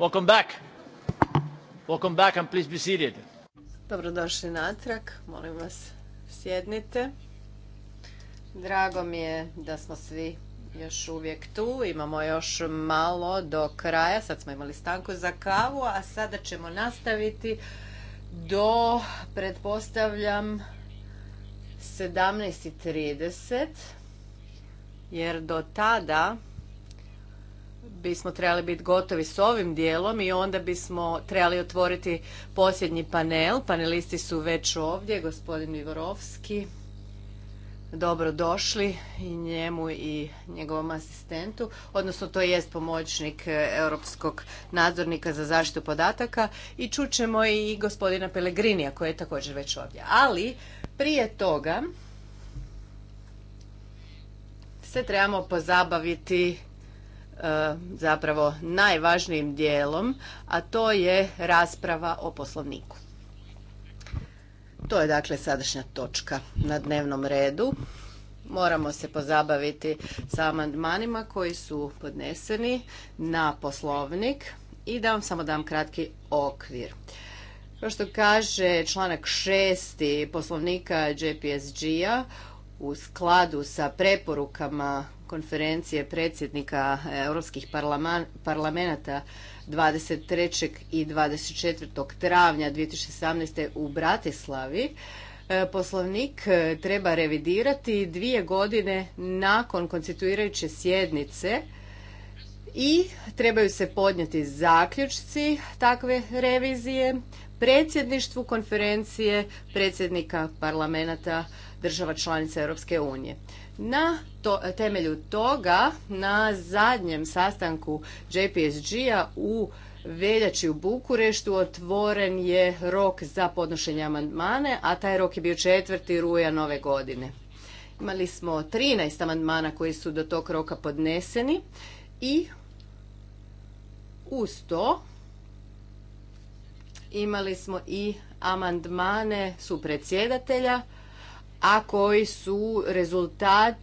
Welcome back. Welcome back and please be seated. Dobrodošli natrag, molim vas sjednite. Drago mi je da smo svi još uvijek tu, imamo još malo do kraja, sad smo imali stanku za kavu, a sada ćemo nastaviti do, pretpostavljam, 17.30, jer do tada bismo trebali biti gotovi s ovim dijelom i onda bismo trebali otvoriti posljednji panel. Panelisti su već ovdje, gospodin Dobro došli i njemu i njegovom asistentu, odnosno to jest pomoćnik Europskog nadzornika za zaštitu podataka i čućemo i gospodina Pelegrinija koji je također već ovdje. Ali prije toga se trebamo pozabaviti E, zapravo najvažnijim dijelom, a to je rasprava o poslovniku. To je dakle sadašnja točka na dnevnom redu. Moramo se pozabaviti sa amandmanima koji su podneseni na poslovnik i da vam samo dam kratki okvir. Kao što kaže članak 6. poslovnika JPSG-a, u skladu sa preporukama konferencije predsjednika europskih parlamenata 23. i 24. travnja 2017. u Bratislavi e, poslovnik e, treba revidirati dvije godine nakon konstituirajuće sjednice i trebaju se podnijeti zaključci takve revizije predsjedništvu konferencije predsjednika parlamenta država članica Europske unije. Na to, temelju toga, na zadnjem sastanku JPSG-a u veljači u Bukureštu otvoren je rok za podnošenje amandmane, a taj rok je bio četvrti ruja nove godine. Imali smo 13 amandmana koji su do tog roka podneseni i uz to imali smo i amandmane su predsjedatelja a koji su rezultat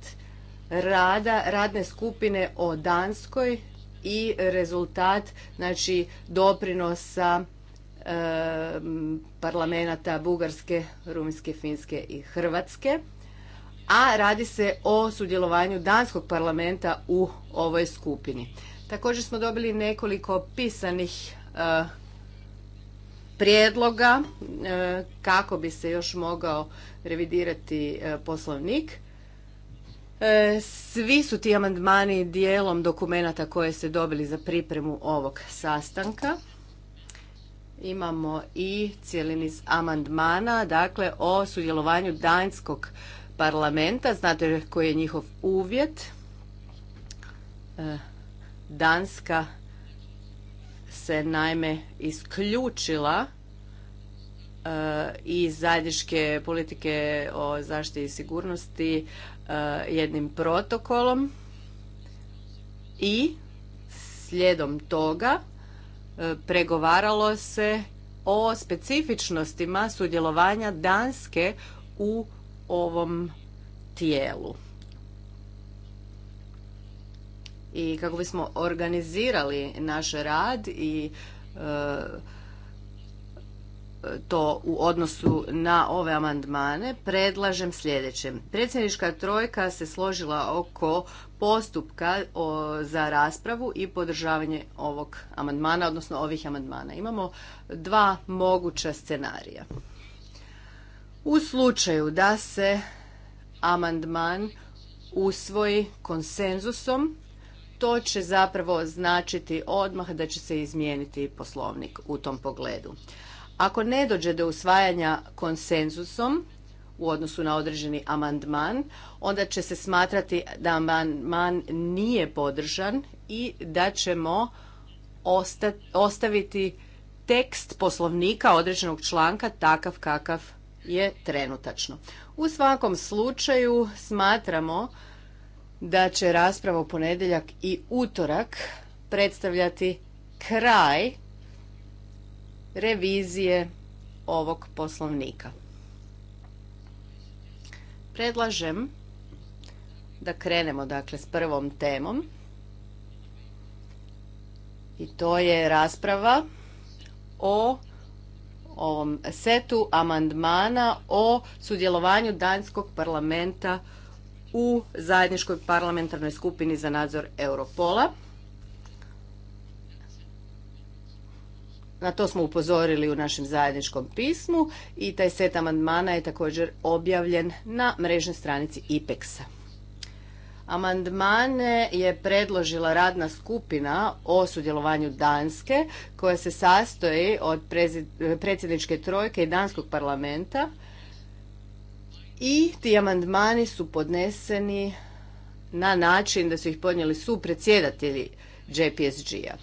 rada radne skupine o Danskoj i rezultat znači doprinosa e, parlamenta Bugarske, Rumunjske, Finske i Hrvatske. A radi se o sudjelovanju Danskog parlamenta u ovoj skupini. Također smo dobili nekoliko pisanih eh, prijedloga e, kako bi se još mogao revidirati e, poslovnik. E, svi su ti amandmani dijelom dokumenata koje ste dobili za pripremu ovog sastanka. Imamo i cijeli niz amandmana, dakle o sudjelovanju Danskog parlamenta. Znate koji je njihov uvjet? Danska se naime isključila e, i zajedničke politike o zaštiti i sigurnosti e, jednim protokolom i slijedom toga e, pregovaralo se o specifičnostima sudjelovanja Danske u ovom tijelu. i kako bismo organizirali naš rad i e, to u odnosu na ove amandmane predlažem sljedeće. Predsjednička trojka se složila oko postupka za raspravu i podržavanje ovog amandmana, odnosno ovih amandmana. Imamo dva moguća scenarija. U slučaju da se amandman usvoji konsenzusom, to će zapravo značiti odmah da će se izmijeniti poslovnik u tom pogledu. Ako ne dođe do usvajanja konsenzusom u odnosu na određeni amandman, onda će se smatrati da amandman nije podržan i da ćemo ostaviti tekst poslovnika određenog članka takav kakav je trenutačno. U svakom slučaju smatramo da će rasprava u ponedjeljak i utorak predstavljati kraj revizije ovog poslovnika. Predlažem da krenemo dakle s prvom temom i to je rasprava o ovom setu amandmana o sudjelovanju danskog parlamenta u zajedničkoj parlamentarnoj skupini za nadzor Europola. Na to smo upozorili u našem zajedničkom pismu i taj set amandmana je također objavljen na mrežnoj stranici IPEX-a. Amandmane je predložila radna skupina o sudjelovanju Danske koja se sastoji od predsjedničke trojke i Danskog parlamenta i ti amandmani su podneseni na način da su ih podnijeli su predsjedatelji JPSG-a.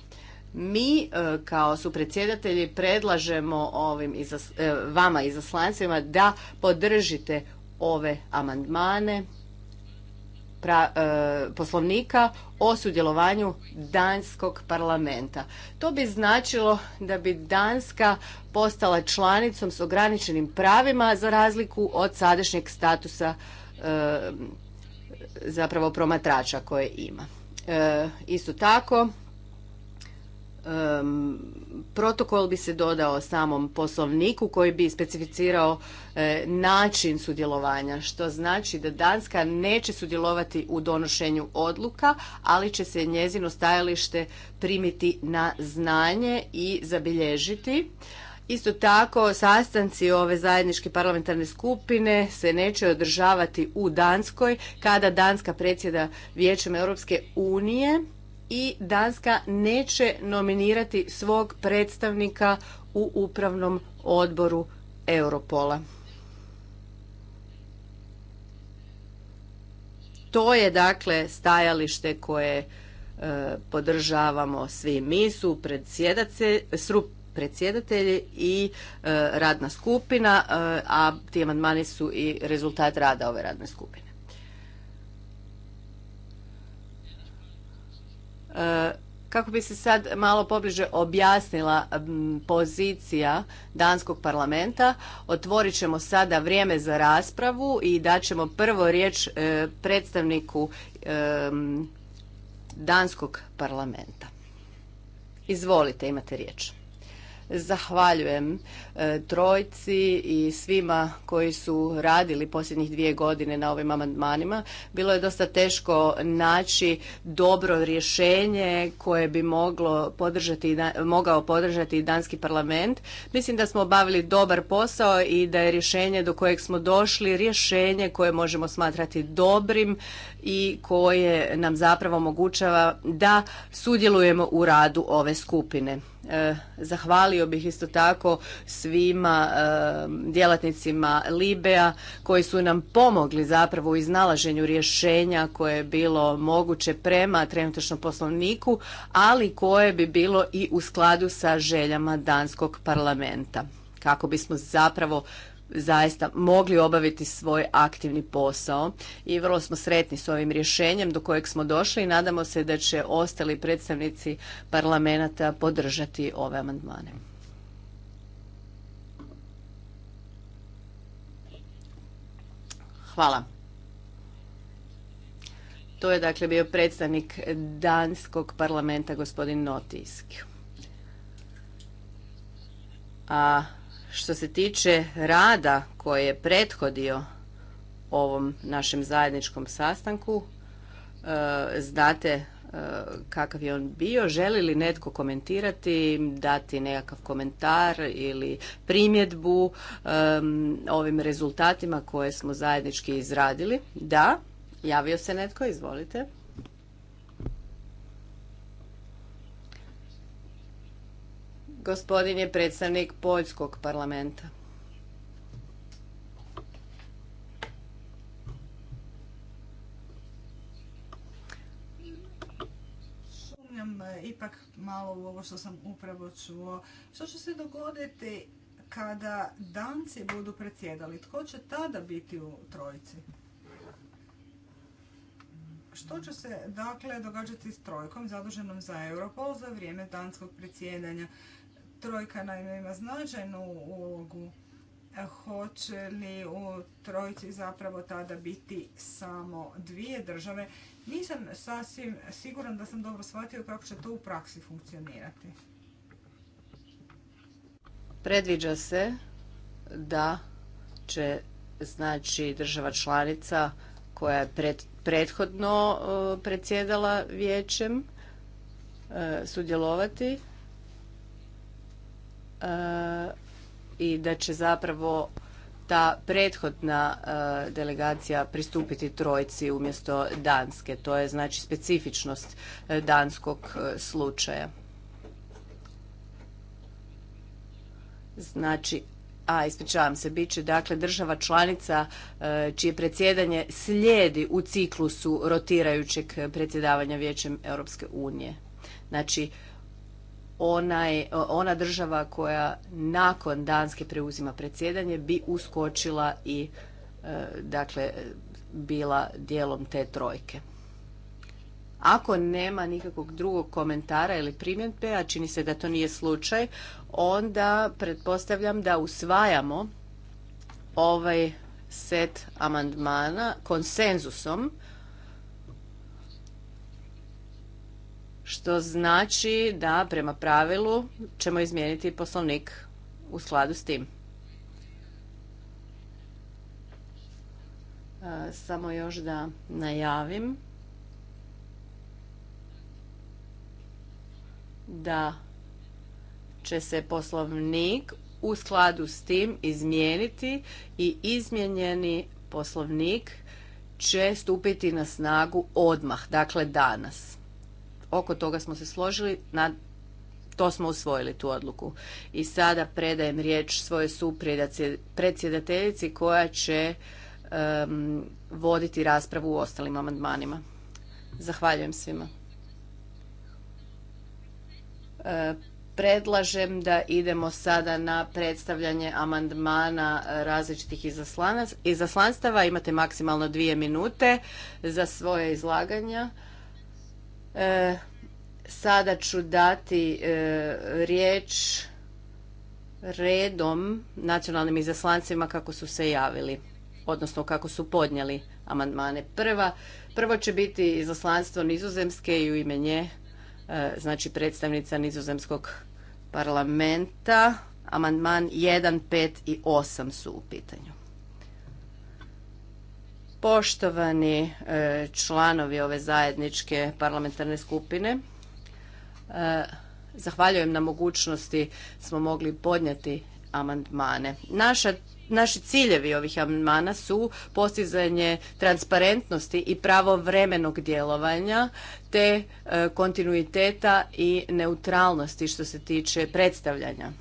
Mi e, kao su predlažemo ovim izas, e, vama izaslancima da podržite ove amandmane pra, e, poslovnika o sudjelovanju danskog parlamenta. To bi značilo da bi Danska postala članicom s ograničenim pravima za razliku od sadašnjeg statusa e, zapravo promatrača koje ima. E, isto tako protokol bi se dodao samom poslovniku koji bi specificirao e, način sudjelovanja, što znači da Danska neće sudjelovati u donošenju odluka, ali će se njezino stajalište primiti na znanje i zabilježiti. Isto tako, sastanci ove zajedničke parlamentarne skupine se neće održavati u Danskoj kada Danska predsjeda Vijećem Europske unije i Danska neće nominirati svog predstavnika u upravnom odboru Europola. To je dakle stajalište koje e, podržavamo svi mi, su predsjedatelji i e, radna skupina, e, a ti amandmani su i rezultat rada ove radne skupine. kako bi se sad malo pobliže objasnila pozicija Danskog parlamenta, otvorit ćemo sada vrijeme za raspravu i daćemo prvo riječ e, predstavniku e, Danskog parlamenta. Izvolite, imate riječ. Zahvaljujem e, trojci i svima koji su radili posljednjih dvije godine na ovim amandmanima. Bilo je dosta teško naći dobro rješenje koje bi moglo podržati, mogao podržati danski parlament. Mislim da smo obavili dobar posao i da je rješenje do kojeg smo došli rješenje koje možemo smatrati dobrim i koje nam zapravo omogućava da sudjelujemo u radu ove skupine. E, zahvalio bih isto tako svima e, djelatnicima Libea koji su nam pomogli zapravo u iznalaženju rješenja koje je bilo moguće prema trenutačnom poslovniku, ali koje bi bilo i u skladu sa željama danskog parlamenta kako bismo zapravo zaista mogli obaviti svoj aktivni posao i vrlo smo sretni s ovim rješenjem do kojeg smo došli i nadamo se da će ostali predstavnici parlamenta podržati ove amandmane. Hvala. To je dakle bio predstavnik Danskog parlamenta gospodin Notisk. A što se tiče rada koji je prethodio ovom našem zajedničkom sastanku, e, znate e, kakav je on bio. Želi li netko komentirati, dati nekakav komentar ili primjedbu ovim rezultatima koje smo zajednički izradili? Da, javio se netko, izvolite. Gospodin je predstavnik Poljskog parlamenta. ipak malo u ovo što sam upravo čuo. Što će se dogoditi kada danci budu predsjedali? Tko će tada biti u trojici? Što će se dakle događati s trojkom zaduženom za Europol za vrijeme danskog predsjedanja? Trojka naime ima značajnu ulogu. E, hoće li u trojci zapravo tada biti samo dvije države? Nisam sasvim siguran da sam dobro shvatio kako će to u praksi funkcionirati. Predviđa se da će znači država članica koja je prethodno e, predsjedala vijećem e, sudjelovati E, i da će zapravo ta prethodna e, delegacija pristupiti trojci umjesto danske. To je znači specifičnost e, danskog slučaja. Znači, a ispričavam se, bit će dakle država članica čije predsjedanje slijedi u ciklusu rotirajućeg predsjedavanja Vijećem Europske unije. Znači, ona država koja nakon Danske preuzima predsjedanje bi uskočila i e, dakle bila dijelom te trojke. Ako nema nikakvog drugog komentara ili primjedbe, a čini se da to nije slučaj, onda pretpostavljam da usvajamo ovaj set amandmana konsenzusom što znači da prema pravilu ćemo izmijeniti poslovnik u skladu s tim. E, samo još da najavim da će se poslovnik u skladu s tim izmijeniti i izmijenjeni poslovnik će stupiti na snagu odmah, dakle danas oko toga smo se složili, na, to smo usvojili tu odluku. I sada predajem riječ svoje predsjedateljici koja će voditi raspravu u ostalim amandmanima. Zahvaljujem svima. E, predlažem da idemo sada na predstavljanje amandmana različitih izaslanstava. Imate maksimalno dvije minute za svoje izlaganja. E, sada ću dati e, riječ redom nacionalnim izaslancima kako su se javili, odnosno kako su podnijeli amandmane. Prva, prvo će biti izaslanstvo nizozemske i u ime nje, e, znači predstavnica nizozemskog parlamenta. Amandman 1, 5 i 8 su u pitanju. Poštovani e, članovi ove zajedničke parlamentarne skupine, e, zahvaljujem na mogućnosti smo mogli podnijeti amandmane. Naša Naši ciljevi ovih amandmana su postizanje transparentnosti i pravovremenog djelovanja te e, kontinuiteta i neutralnosti što se tiče predstavljanja.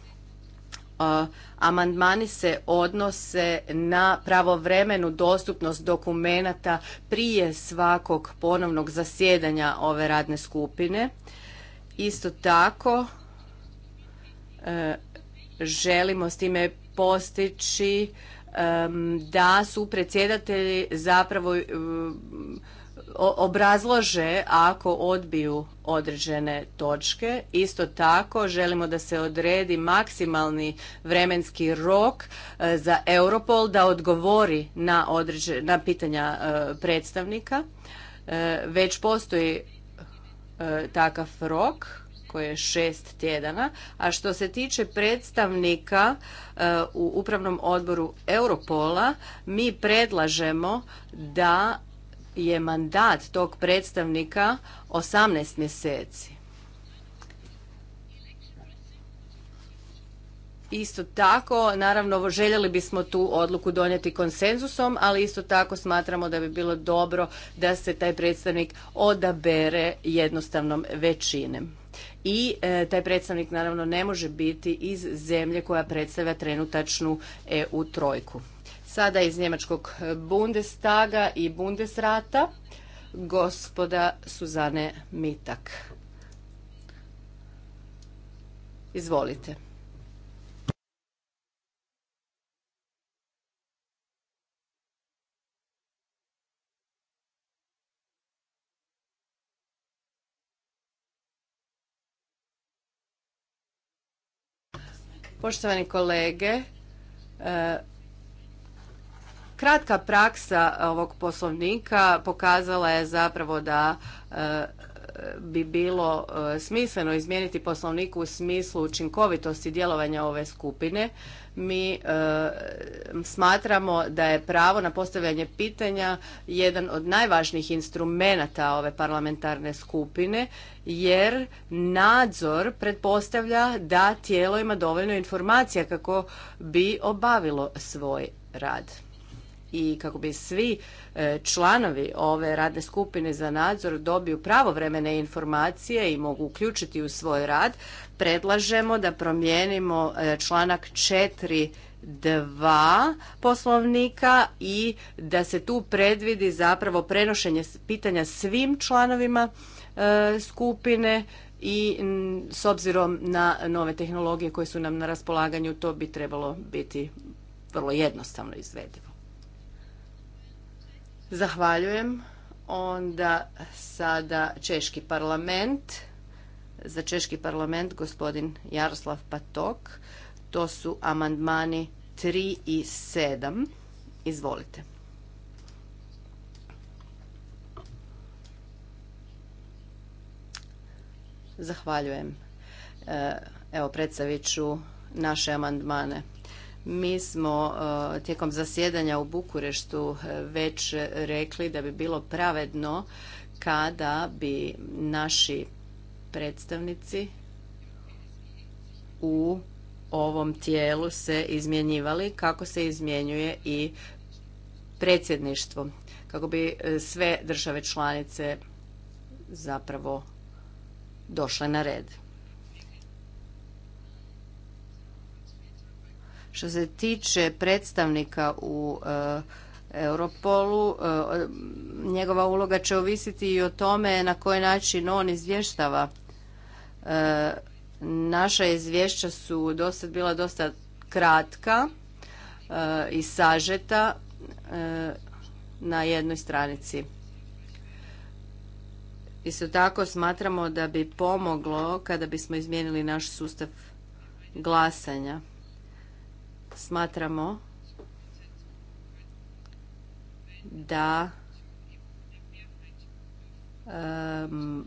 Amandmani se odnose na pravovremenu dostupnost dokumenata prije svakog ponovnog zasjedanja ove radne skupine. Isto tako e, želimo s time postići da su predsjedatelji zapravo obrazlože ako odbiju određene točke. Isto tako želimo da se odredi maksimalni vremenski rok e, za Europol da odgovori na, određe, na pitanja e, predstavnika. E, već postoji takav rok koji je šest tjedana. A što se tiče predstavnika u upravnom odboru Europola, mi predlažemo da je mandat tog predstavnika 18 mjeseci. Isto tako, naravno, željeli bismo tu odluku donijeti konsenzusom, ali isto tako smatramo da bi bilo dobro da se taj predstavnik odabere jednostavnom većinem. I e, taj predstavnik naravno ne može biti iz zemlje koja predstavlja trenutačnu EU trojku. Sada iz njemačkog e, Bundestaga i Bundesrata, gospoda Suzane Mitak. Izvolite. Poštovani kolege, e, Kratka praksa eh, ovog poslovnika pokazala je zapravo da eh, bi bilo eh, smisleno izmijeniti poslovnik u smislu učinkovitosti djelovanja ove skupine. Mi smatramo da je pravo na postavljanje pitanja jedan od najvažnijih instrumenata ove parlamentarne skupine jer nadzor pretpostavlja da tijelo ima dovoljno informacija kako bi obavilo svoj rad i kako bi svi e, članovi ove radne skupine za nadzor dobiju pravovremene informacije i mogu uključiti u svoj rad, predlažemo da promijenimo e, članak 4 dva poslovnika i da se tu predvidi zapravo prenošenje pitanja svim članovima e, skupine i s obzirom na nove tehnologije koje su nam na raspolaganju to bi trebalo biti vrlo jednostavno izvedivo. Zahvaljujem. Onda sada Češki parlament. Za Češki parlament gospodin Jaroslav Patok. To su amandmani 3 i 7. Izvolite. Zahvaljujem. E, evo predstavit ću naše amandmane. Mi smo e, tijekom zasjedanja u Bukureštu e, već rekli da bi bilo pravedno kada bi naši predstavnici u ovom tijelu se izmjenjivali kako se izmjenjuje i predsjedništvo kako bi e, sve države članice zapravo došle na red. Što se tiče predstavnika u e, Europolu, e, njegova uloga će ovisiti i o tome na koji način on izvještava. E, naša izvješća su dosta bila dosta kratka i sažeta na jednoj stranici. Isto tako smatramo da bi pomoglo kada bismo izmijenili naš sustav glasanja smatramo da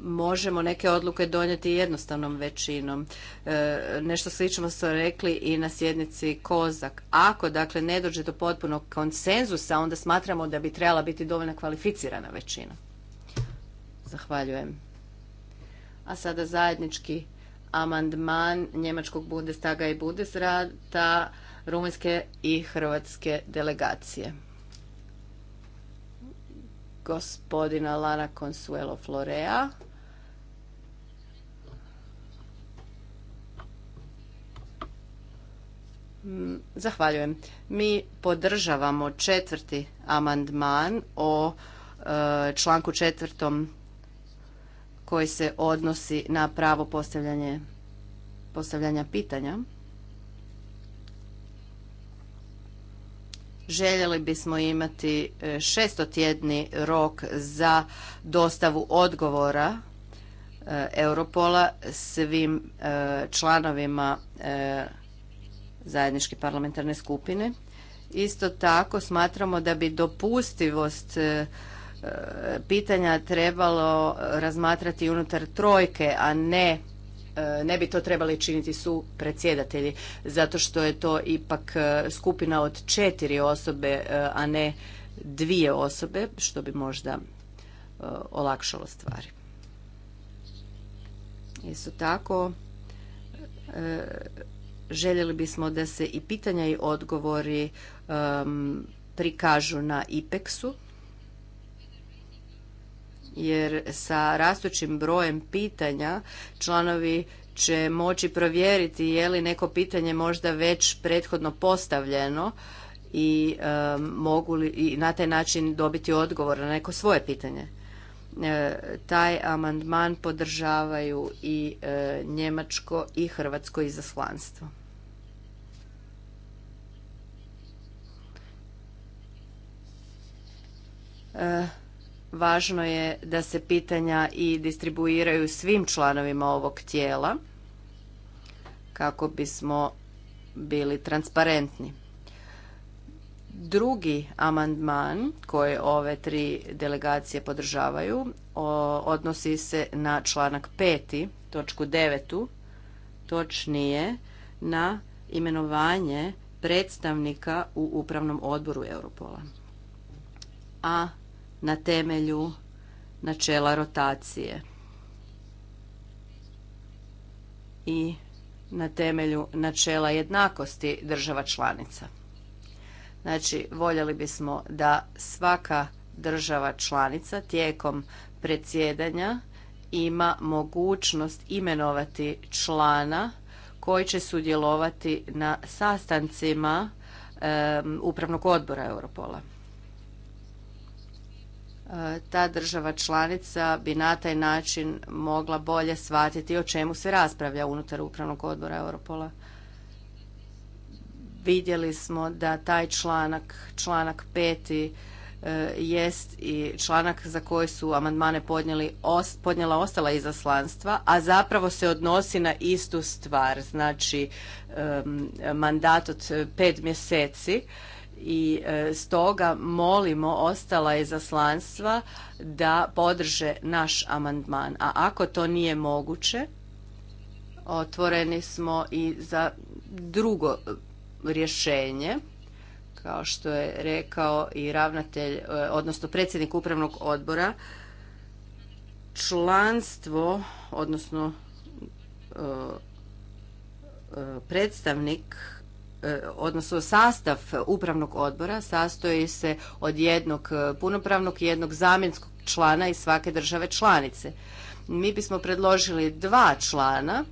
možemo neke odluke donijeti jednostavnom većinom. E, nešto slično smo rekli i na sjednici Kozak. Ako dakle ne dođe do potpunog konsenzusa, onda smatramo da bi trebala biti dovoljna kvalificirana većina. Zahvaljujem. A sada zajednički amandman Njemačkog Bundestaga i Bundesrata rumunjske i hrvatske delegacije. Gospodina Lana Consuelo Florea. Mm, zahvaljujem. Mi podržavamo četvrti amandman o e, članku četvrtom koji se odnosi na pravo postavljanja pitanja. željeli bismo imati e, šestotjedni rok za dostavu odgovora e, Europola svim e, članovima zajedničke parlamentarne skupine. Isto tako smatramo da bi dopustivost pitanja trebalo razmatrati unutar trojke, a ne E, ne bi to trebali činiti su predsjedatelji, zato što je to ipak e, skupina od četiri osobe, e, a ne dvije osobe, što bi možda olakšalo stvari. Isto tako, željeli bismo da se i pitanja i odgovori prikažu na IPEX-u, jer sa rastućim brojem pitanja članovi će moći provjeriti je li neko pitanje možda već prethodno postavljeno i mogu li i na taj način dobiti odgovor na neko svoje pitanje. E, taj amandman podržavaju i e, njemačko i hrvatsko izaslanstvo. E, Važno je da se pitanja i distribuiraju svim članovima ovog tijela kako bismo bili transparentni. Drugi amandman koje ove tri delegacije podržavaju odnosi se na članak 5. točku 9. točnije na imenovanje predstavnika u upravnom odboru Europola. A na temelju načela rotacije i na temelju načela jednakosti država članica. Znači, voljeli bismo da svaka država članica tijekom predsjedanja ima mogućnost imenovati člana koji će sudjelovati na sastancima upravnog odbora Europola ta država članica bi na taj način mogla bolje shvatiti o čemu se raspravlja unutar upravnog odbora Europola. Vidjeli smo da taj članak, članak peti, e, jest i članak za koji su amandmane podnijela ostala izaslanstva, a zapravo se odnosi na istu stvar, znači mandat od pet mjeseci i e, stoga molimo ostala izaslanstva da podrže naš amandman. A ako to nije moguće, otvoreni smo i za drugo rješenje kao što je rekao i ravnatelj, e, odnosno predsjednik upravnog odbora, članstvo, odnosno e, predstavnik E, odnosno sastav upravnog odbora sastoji se od jednog e, punopravnog i jednog zamjenskog člana iz svake države članice. Mi bismo predložili dva člana,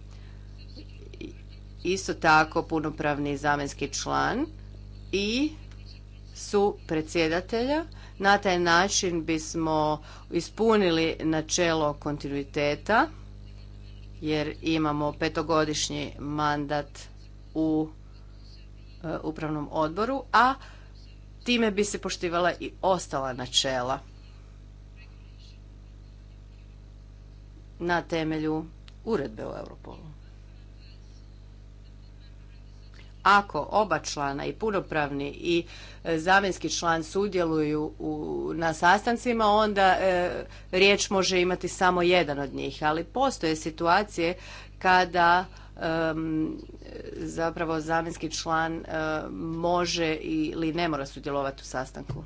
isto tako punopravni i zamjenski član i su predsjedatelja. Na taj način bismo ispunili načelo kontinuiteta jer imamo petogodišnji mandat u E, upravnom odboru, a time bi se poštivala i ostala načela na temelju uredbe o Europolu. Ako oba člana i punopravni i e, zamjenski član sudjeluju na sastancima, onda e, riječ može imati samo jedan od njih. Ali postoje situacije kada zapravo zamjenski član e, može ili ne mora sudjelovati u sastanku.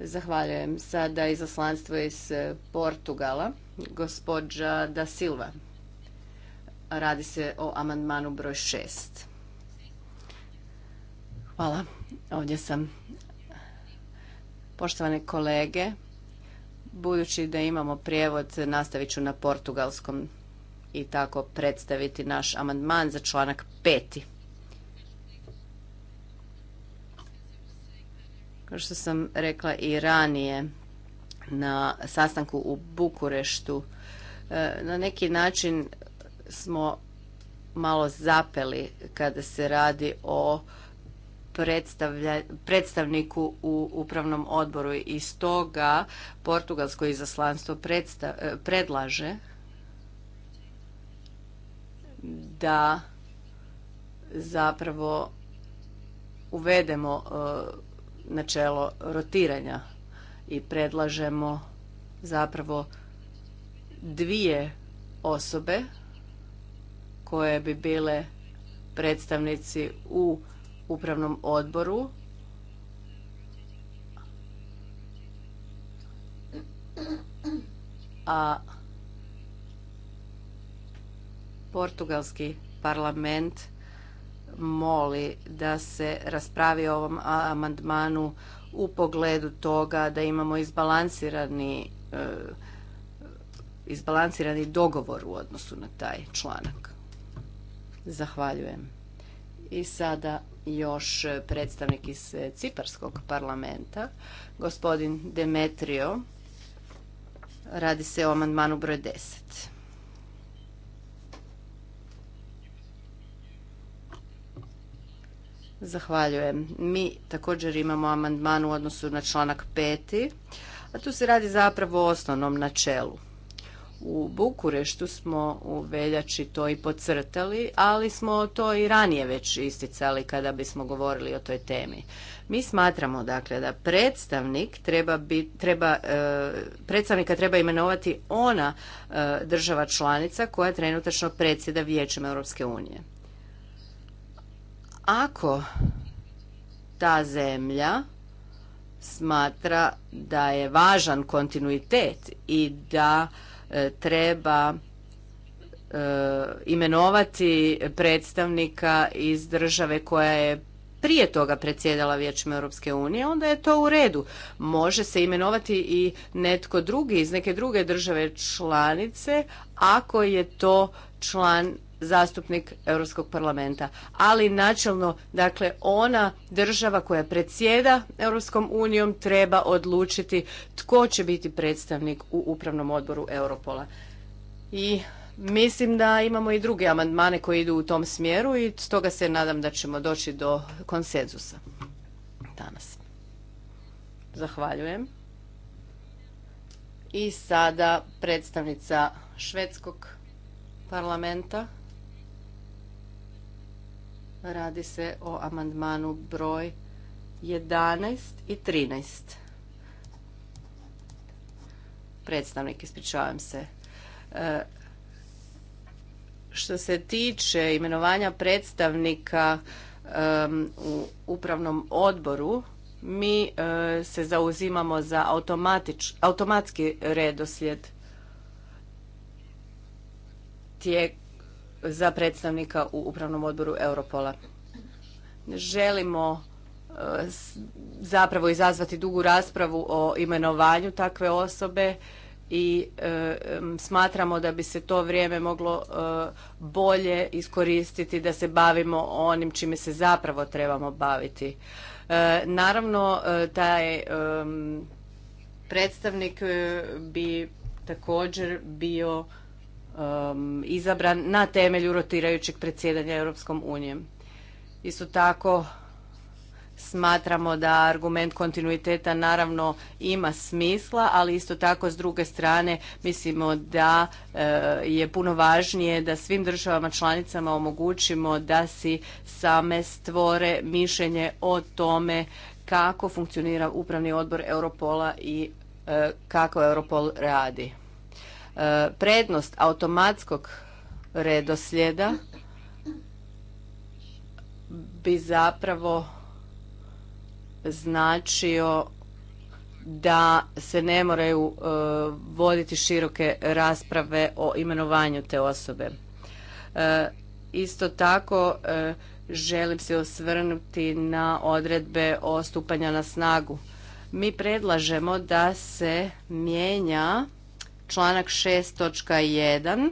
Zahvaljujem. Sada izaslanstvo iz Portugala, gospođa Da Silva. Radi se o amandmanu broj šest. Hvala. Ovdje sam. Poštovane kolege, budući da imamo prijevod, nastavit ću na portugalskom i tako predstaviti naš amandman za članak peti. Kao što sam rekla i ranije na sastanku u Bukureštu, e, na neki način smo malo zapeli kada se radi o predstavniku u upravnom odboru i stoga portugalsko izaslanstvo e, predlaže da zapravo uvedemo e, načelo rotiranja i predlažemo zapravo dvije osobe koje bi bile predstavnici u upravnom odboru a portugalski parlament moli da se raspravi o ovom amandmanu u pogledu toga da imamo izbalansirani e, izbalansirani dogovor u odnosu na taj članak. Zahvaljujem. I sada još predstavnik iz eh, Ciparskog parlamenta, gospodin Demetrio. Radi se o amandmanu broj 10. Zahvaljujem. Mi također imamo amandman u odnosu na članak 5. A tu se radi zapravo o osnovnom načelu. U Bukureštu smo u veljači to i podcrtali, ali smo to i ranije već isticali kada bismo govorili o toj temi. Mi smatramo dakle da predstavnik treba treba, e, predstavnika treba imenovati ona e, država članica koja trenutačno predsjeda Vijećem Europske unije. Ako ta zemlja smatra da je važan kontinuitet i da E, treba e, imenovati predstavnika iz države koja je prije toga predsjedala Vijećem Europske unije, onda je to u redu. Može se imenovati i netko drugi iz neke druge države članice, ako je to član zastupnik Europskog parlamenta. Ali načelno, dakle, ona država koja predsjeda Europskom unijom treba odlučiti tko će biti predstavnik u upravnom odboru Europola. I mislim da imamo i druge amandmane koji idu u tom smjeru i stoga se nadam da ćemo doći do konsenzusa danas. Zahvaljujem. I sada predstavnica švedskog parlamenta. Radi se o amandmanu broj 11 i 13. Predstavnik, ispričavam se. E, što se tiče imenovanja predstavnika u upravnom odboru, mi e, se zauzimamo za automatski redoslijed tijek za predstavnika u upravnom odboru Europola. Želimo e, zapravo izazvati dugu raspravu o imenovanju takve osobe i e, smatramo da bi se to vrijeme moglo e, bolje iskoristiti da se bavimo onim čime se zapravo trebamo baviti. naravno, taj predstavnik bi također bio um, izabran na temelju rotirajućeg predsjedanja Europskom unijom. Isto tako smatramo da argument kontinuiteta naravno ima smisla, ali isto tako s druge strane mislimo da uh, je puno važnije da svim državama članicama omogućimo da si same stvore mišljenje o tome kako funkcionira upravni odbor Europola i uh, kako Europol radi. E, prednost automatskog redoslijeda bi zapravo značio da se ne moraju e, voditi široke rasprave o imenovanju te osobe. E, isto tako želim se osvrnuti na odredbe o stupanja na snagu. Mi predlažemo da se mijenja članak 6.1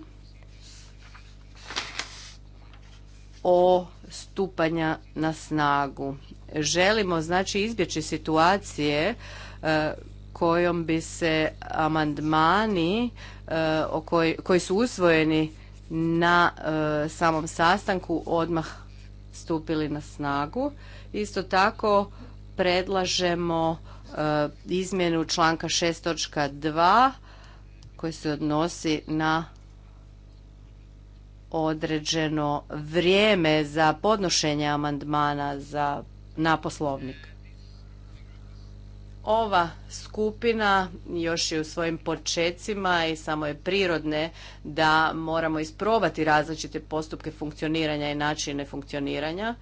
o stupanja na snagu. Želimo znači izbjeći situacije e, kojom bi se amandmani e, koji, su usvojeni na e, samom sastanku odmah stupili na snagu. Isto tako predlažemo izmjenu članka 6.2 koji se odnosi na određeno vrijeme za podnošenje amandmana za, na poslovnik. Ova skupina još je u svojim počecima i samo je prirodne da moramo isprobati različite postupke funkcioniranja i načine funkcioniranja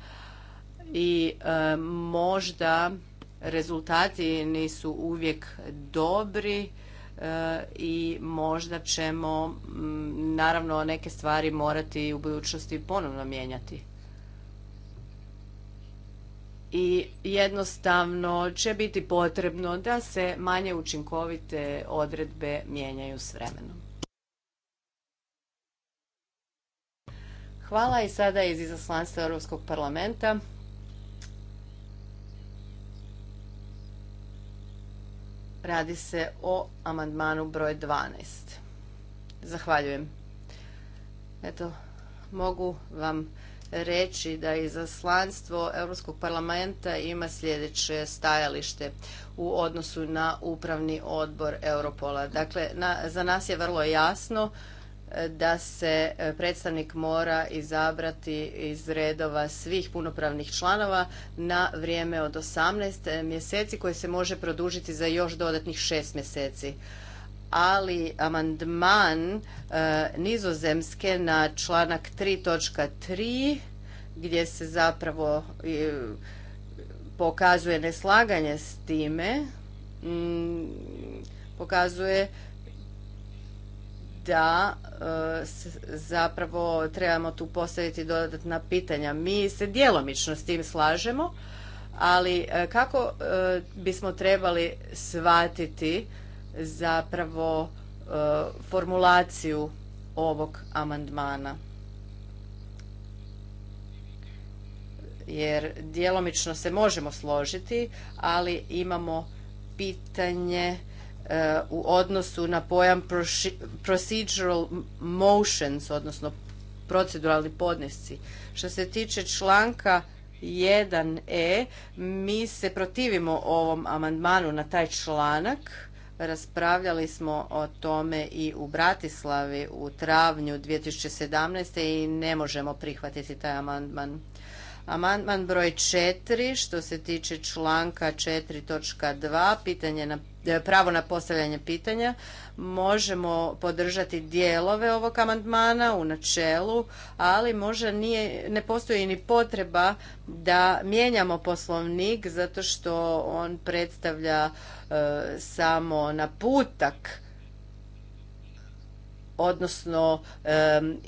i e, možda rezultati nisu uvijek dobri E, i možda ćemo mm, naravno neke stvari morati u budućnosti ponovno mijenjati. I jednostavno će biti potrebno da se manje učinkovite odredbe mijenjaju s vremenom. Hvala i sada iz izaslanstva Europskog parlamenta. Radi se o amandmanu broj 12. Zahvaljujem. Eto, mogu vam reći da i izaslanstvo Europskog parlamenta ima sljedeće stajalište u odnosu na upravni odbor Europola. Dakle, za nas je vrlo jasno da se e, predstavnik mora izabrati iz redova svih punopravnih članova na vrijeme od 18 e, mjeseci koje se može produžiti za još dodatnih 6 mjeseci. Ali amandman e, nizozemske na članak 3.3 gdje se zapravo pokazuje neslaganje s time pokazuje da e, zapravo trebamo tu postaviti dodatna pitanja. Mi se djelomično s tim slažemo, ali e, kako e, bismo trebali shvatiti zapravo formulaciju ovog amandmana? Jer djelomično se možemo složiti, ali imamo pitanje u odnosu na pojam procedural motions, odnosno proceduralni podnesci. Što se tiče članka 1e, mi se protivimo ovom amandmanu na taj članak. Raspravljali smo o tome i u Bratislavi u travnju 2017. i ne možemo prihvatiti taj amandman. Amandman broj 4 što se tiče članka 4.2 pitanje e, pravo na postavljanje pitanja možemo podržati dijelove ovog amandmana u načelu, ali možda nije, ne postoji ni potreba da mijenjamo poslovnik zato što on predstavlja e, samo naputak odnosno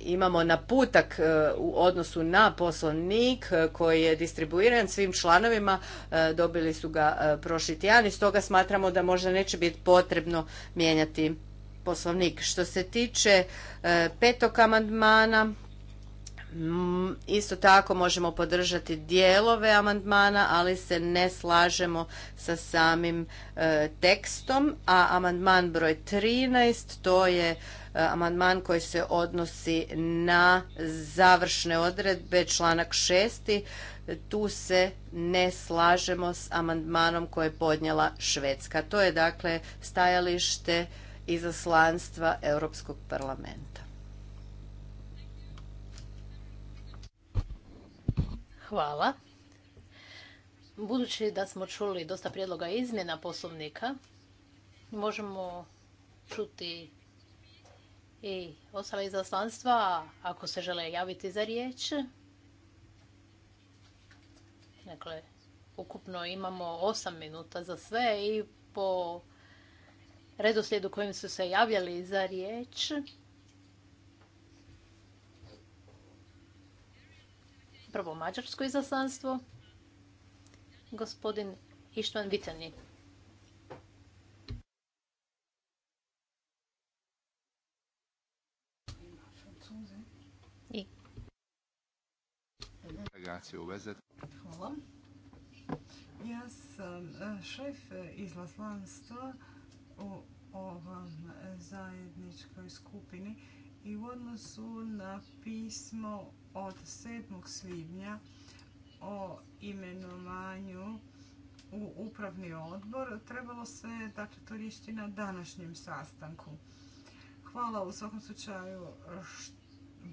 imamo naputak e, u odnosu na poslovnik e, koji je distribuiran svim članovima, e, dobili su ga prošli tjedan i stoga smatramo da možda neće biti potrebno mijenjati poslovnik. Što se tiče petog amandmana, Isto tako možemo podržati dijelove amandmana, ali se ne slažemo sa samim tekstom. A amandman broj 13, to je amandman koji se odnosi na završne odredbe članak 6. Tu se ne slažemo s amandmanom koje je podnjela Švedska. To je dakle stajalište izaslanstva Europskog parlamenta. Hvala. Budući da smo čuli dosta prijedloga izmjena poslovnika, možemo čuti i ostala izaslanstva, ako se žele javiti za riječ. Dakle, ukupno imamo 8 minuta za sve i po redoslijedu kojim su se javljali za riječ. Prvo mađarsko izaslanstvo, gospodin Ištvan Vitani. Hvala. Ja sam e, šef izlaslanstva u ovom zajedničkoj skupini i u odnosu na pismo od 7. svibnja o imenovanju u upravni odbor trebalo se da dakle, to na današnjem sastanku. Hvala u svakom slučaju što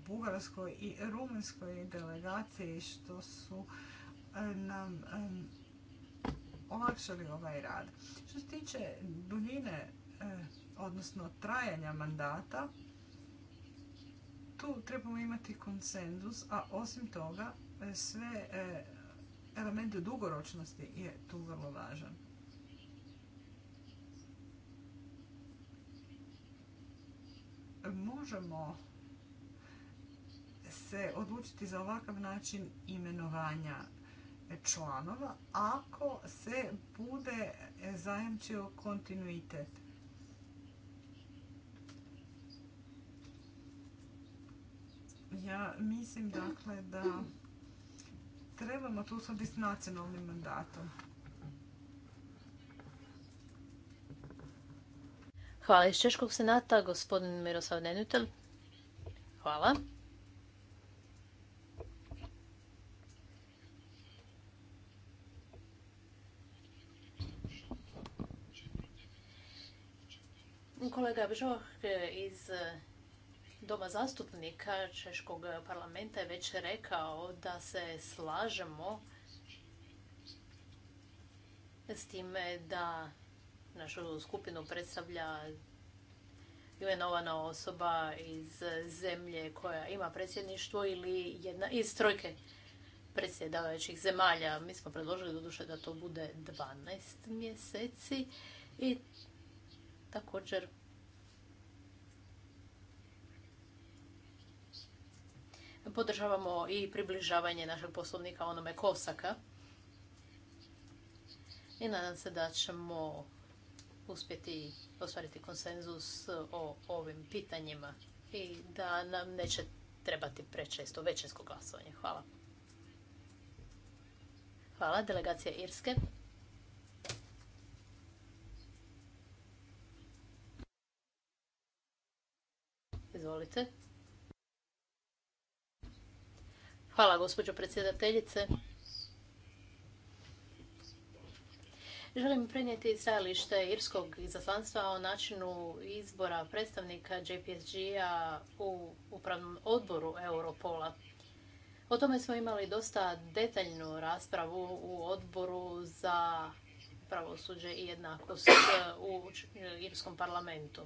bugarskoj i rumunskoj delegaciji što su e, nam e, olakšali ovaj rad. Što se tiče duljine, e, odnosno trajanja mandata, tu trebamo imati konsenzus, a osim toga sve elemente dugoročnosti je tu vrlo važan. Možemo se odlučiti za ovakav način imenovanja članova ako se bude zajamčio kontinuitet. Ja mislim dakle da trebamo tu sobi s nacionalnim mandatom. Hvala iz Češkog senata, gospodin Miroslav Nenutel. Hvala. Kolega Bžoh e, iz e, Doma zastupnika Češkog parlamenta je već rekao da se slažemo s time da našu skupinu predstavlja imenovana osoba iz zemlje koja ima predsjedništvo ili jedna iz trojke predsjedavajućih zemalja. Mi smo predložili doduše da to bude 12 mjeseci i Također, podržavamo i približavanje našeg poslovnika onome Kosaka. I nadam se da ćemo uspjeti ostvariti konsenzus o ovim pitanjima i da nam neće trebati prečesto većinsko glasovanje. Hvala. Hvala, delegacija Irske. Izvolite. Hvala, gospođo predsjedateljice. Želim prenijeti stajalište irskog izaslanstva o načinu izbora predstavnika JPSG-a u upravnom odboru Europola. O tome smo imali dosta detaljnu raspravu u odboru za pravosuđe i jednakost u Irskom parlamentu.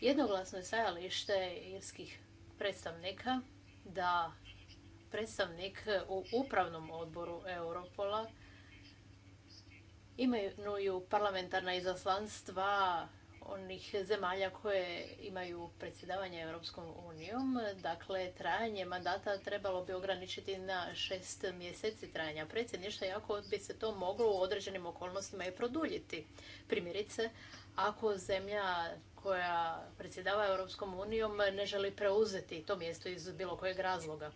Jednoglasno je stajalište irskih predstavnika da predstavnik u upravnom odboru Europola imenuju parlamentarna izaslanstva onih zemalja koje imaju predsjedavanje Europskom unijom. Dakle, trajanje mandata trebalo bi ograničiti na šest mjeseci trajanja predsjedništa, iako bi se to moglo u određenim okolnostima i produljiti. Primjerice, ako zemlja koja predsjedava Europskom unijom ne želi preuzeti to mjesto iz bilo kojeg razloga.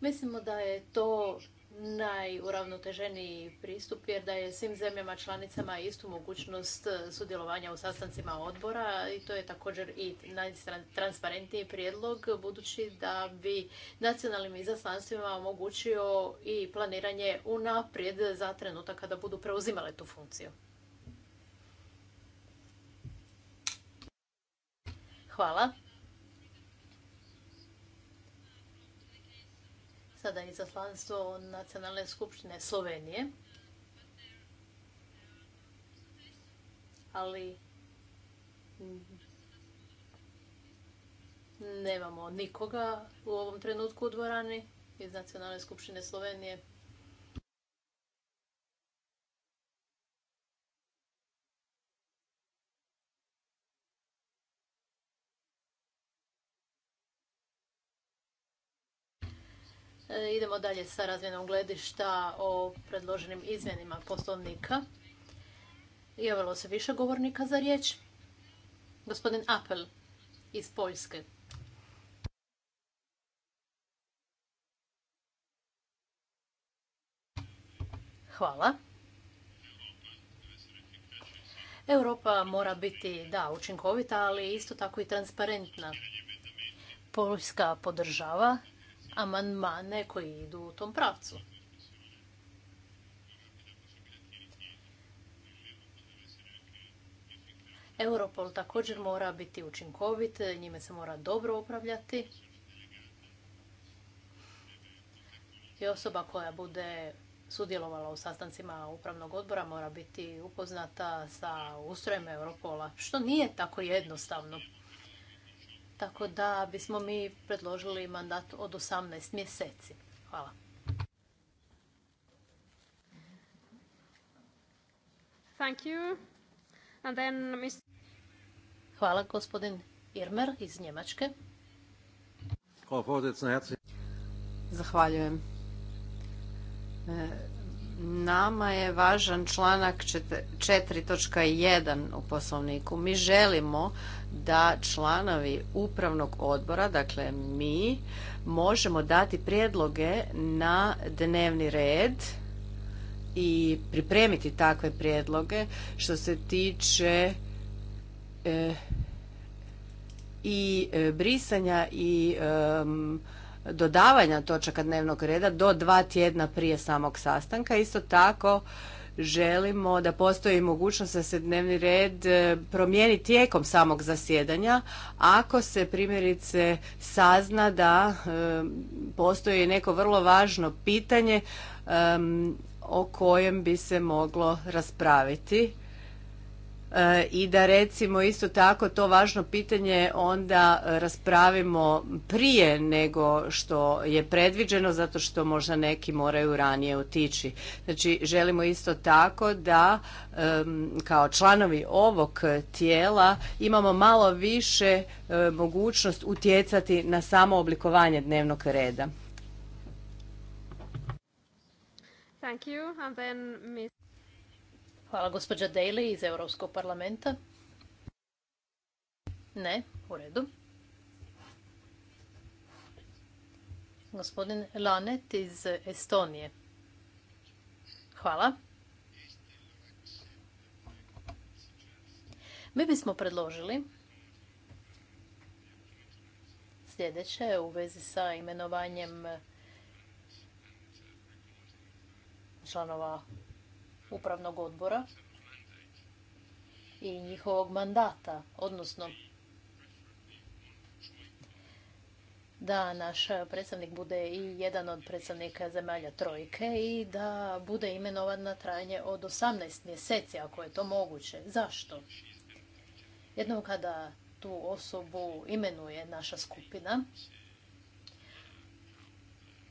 Mislimo da je to najuravnoteženiji pristup jer da je svim zemljama članicama istu mogućnost sudjelovanja u sastancima odbora i to je također i najtransparentniji prijedlog budući da bi nacionalnim izaslanstvima omogućio i planiranje unaprijed za trenutak kada budu preuzimale tu funkciju. Hvala. Sada izaslanstvo Nacionalne skupštine Slovenije. Ali nemamo nikoga u ovom trenutku u dvorani iz Nacionalne skupštine Slovenije. E, idemo dalje sa razmjenom gledišta o predloženim izmjenima poslovnika. Javilo se više govornika za riječ. Gospodin Apel iz Poljske. Hvala. Europa mora biti, da, učinkovita, ali isto tako i transparentna. Poljska podržava amandmane koji idu u tom pravcu. Europol također mora biti učinkovit, njime se mora dobro upravljati. I osoba koja bude sudjelovala u sastancima upravnog odbora mora biti upoznata sa ustrojem Europola, što nije tako jednostavno tako da bismo mi predložili mandat od 18 mjeseci. Hvala. Thank you. And then Hvala gospodin Irmer iz Njemačke. Zahvaljujem. E, Nama je važan članak 4.1 u poslovniku. Mi želimo da članovi upravnog odbora, dakle mi, možemo dati prijedloge na dnevni red i pripremiti takve prijedloge što se tiče eh, i eh, brisanja i dodavanja točaka dnevnog reda do dva tjedna prije samog sastanka. Isto tako želimo da postoji mogućnost da se dnevni red e, promijeni tijekom samog zasjedanja ako se primjerice sazna da e, postoji neko vrlo važno pitanje o kojem bi se moglo raspraviti i da recimo isto tako to važno pitanje onda raspravimo prije nego što je predviđeno zato što možda neki moraju ranije otići. Znači želimo isto tako da kao članovi ovog tijela imamo malo više e, mogućnost utjecati na samo oblikovanje dnevnog reda. Thank you. And then... Hvala gospođa Daly iz Europskog parlamenta. Ne, u redu. Gospodin Lanet iz Estonije. Hvala. Mi bismo predložili sljedeće u vezi sa imenovanjem članova upravnog odbora i njihovog mandata, odnosno da naš predstavnik bude i jedan od predstavnika zemalja trojke i da bude imenovan na trajanje od 18 mjeseci, ako je to moguće. Zašto? Jednom kada tu osobu imenuje naša skupina,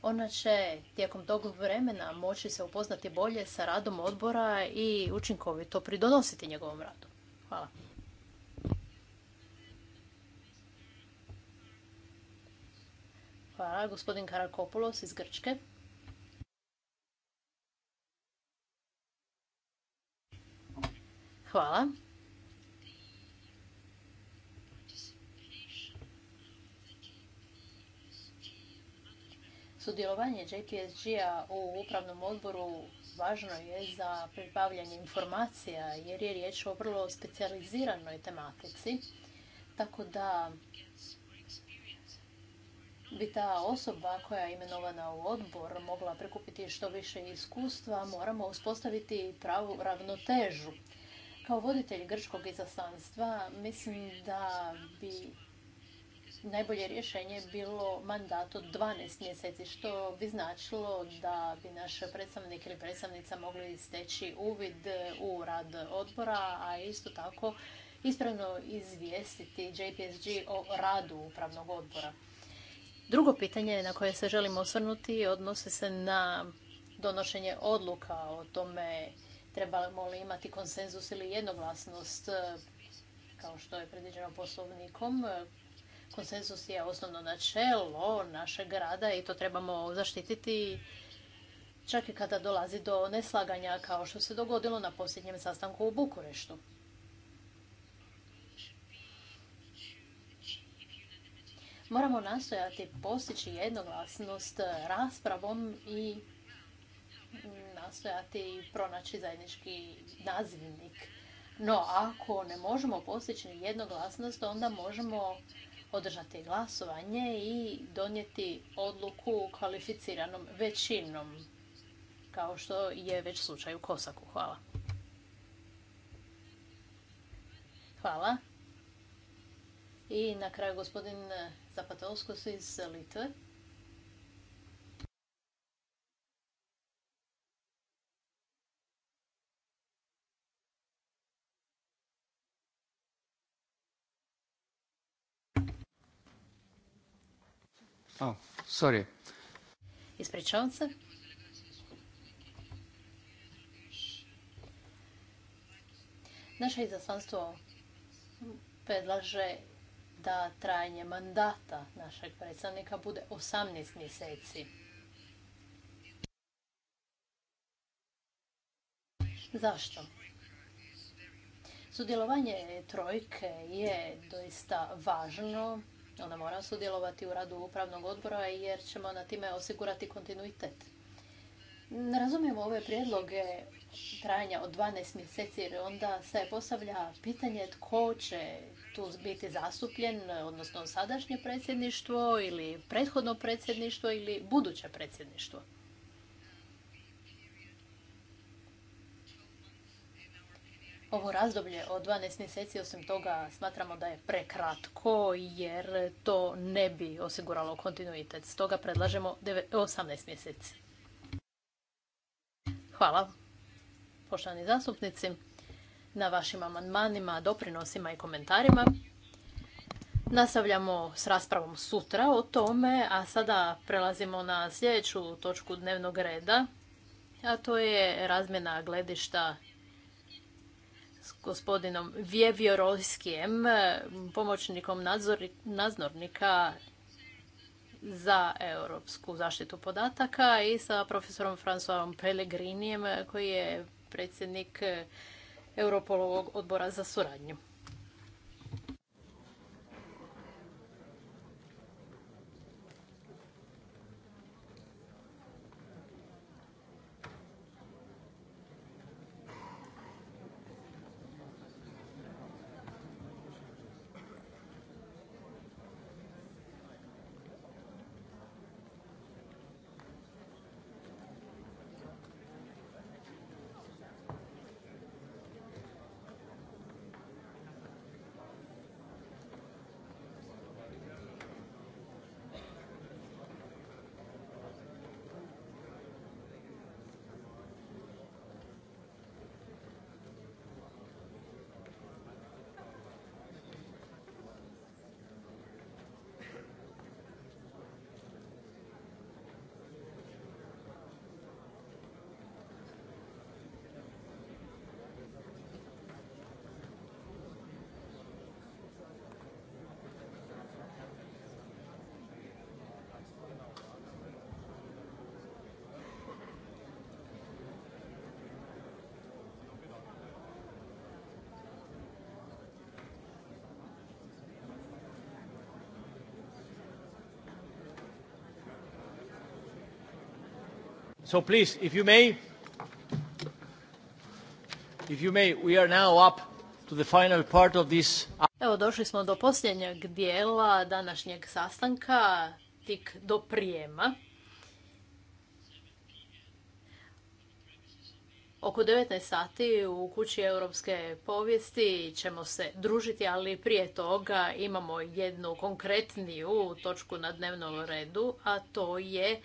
ona će tijekom tog vremena moći se upoznati bolje sa radom odbora i učinkovito pridonositi njegovom radu. Hvala. Hvala, gospodin Karakopulos iz Grčke. Hvala. Sudjelovanje JPSG-a u upravnom odboru važno je za pribavljanje informacija jer je riječ o vrlo specijaliziranoj tematici. Tako da bi ta osoba koja je imenovana u odbor mogla prikupiti što više iskustva, moramo uspostaviti pravu ravnotežu. Kao voditelj grčkog izaslanstva mislim da bi najbolje rješenje bilo mandat od 12 mjeseci, što bi značilo da bi naš predstavnik ili predstavnica mogli steći uvid u rad odbora, a isto tako ispravno izvijestiti JPSG o radu upravnog odbora. Drugo pitanje na koje se želimo osvrnuti odnosi se na donošenje odluka o tome trebamo li imati konsenzus ili jednoglasnost kao što je predviđeno poslovnikom Konsenzus je osnovno načelo našeg rada i to trebamo zaštititi čak i kada dolazi do neslaganja kao što se dogodilo na posljednjem sastanku u Bukureštu. Moramo nastojati postići jednoglasnost raspravom i nastojati pronaći zajednički nazivnik. No, ako ne možemo postići jednoglasnost, onda možemo održati glasovanje i donijeti odluku kvalificiranom većinom, kao što je već slučaj u Kosaku. Hvala. Hvala. I na kraju gospodin Zapatovskos iz Litve. Oh, Ispričavam se. Naše izaslanstvo predlaže da trajanje mandata našeg predstavnika bude 18 mjeseci. Zašto? Sudjelovanje trojke je doista važno ona mora sudjelovati u radu upravnog odbora jer ćemo na time osigurati kontinuitet. Ne razumijemo ove prijedloge trajanja od 12 mjeseci jer onda se postavlja pitanje tko će tu biti zastupljen, odnosno sadašnje predsjedništvo ili prethodno predsjedništvo ili buduće predsjedništvo. ovo razdoblje od 12 mjeseci, osim toga, smatramo da je prekratko jer to ne bi osiguralo kontinuitet. Stoga predlažemo 18 mjeseci. Hvala, poštovani zastupnici, na vašim amandmanima, doprinosima i komentarima. Nastavljamo s raspravom sutra o tome, a sada prelazimo na sljedeću točku dnevnog reda, a to je razmjena gledišta s gospodinom Vjevjorojskijem, pomoćnikom nadzornika za europsku zaštitu podataka i sa profesorom Francoisom Pellegrinijem koji je predsjednik Europolovog odbora za suradnju. So please, if you may, if you may, we are now up to the final part of this. Evo, došli smo do posljednjeg dijela današnjeg sastanka, tik do prijema. Oko 19 sati u kući europske povijesti ćemo se družiti, ali prije toga imamo jednu konkretniju točku na dnevnom redu, a to je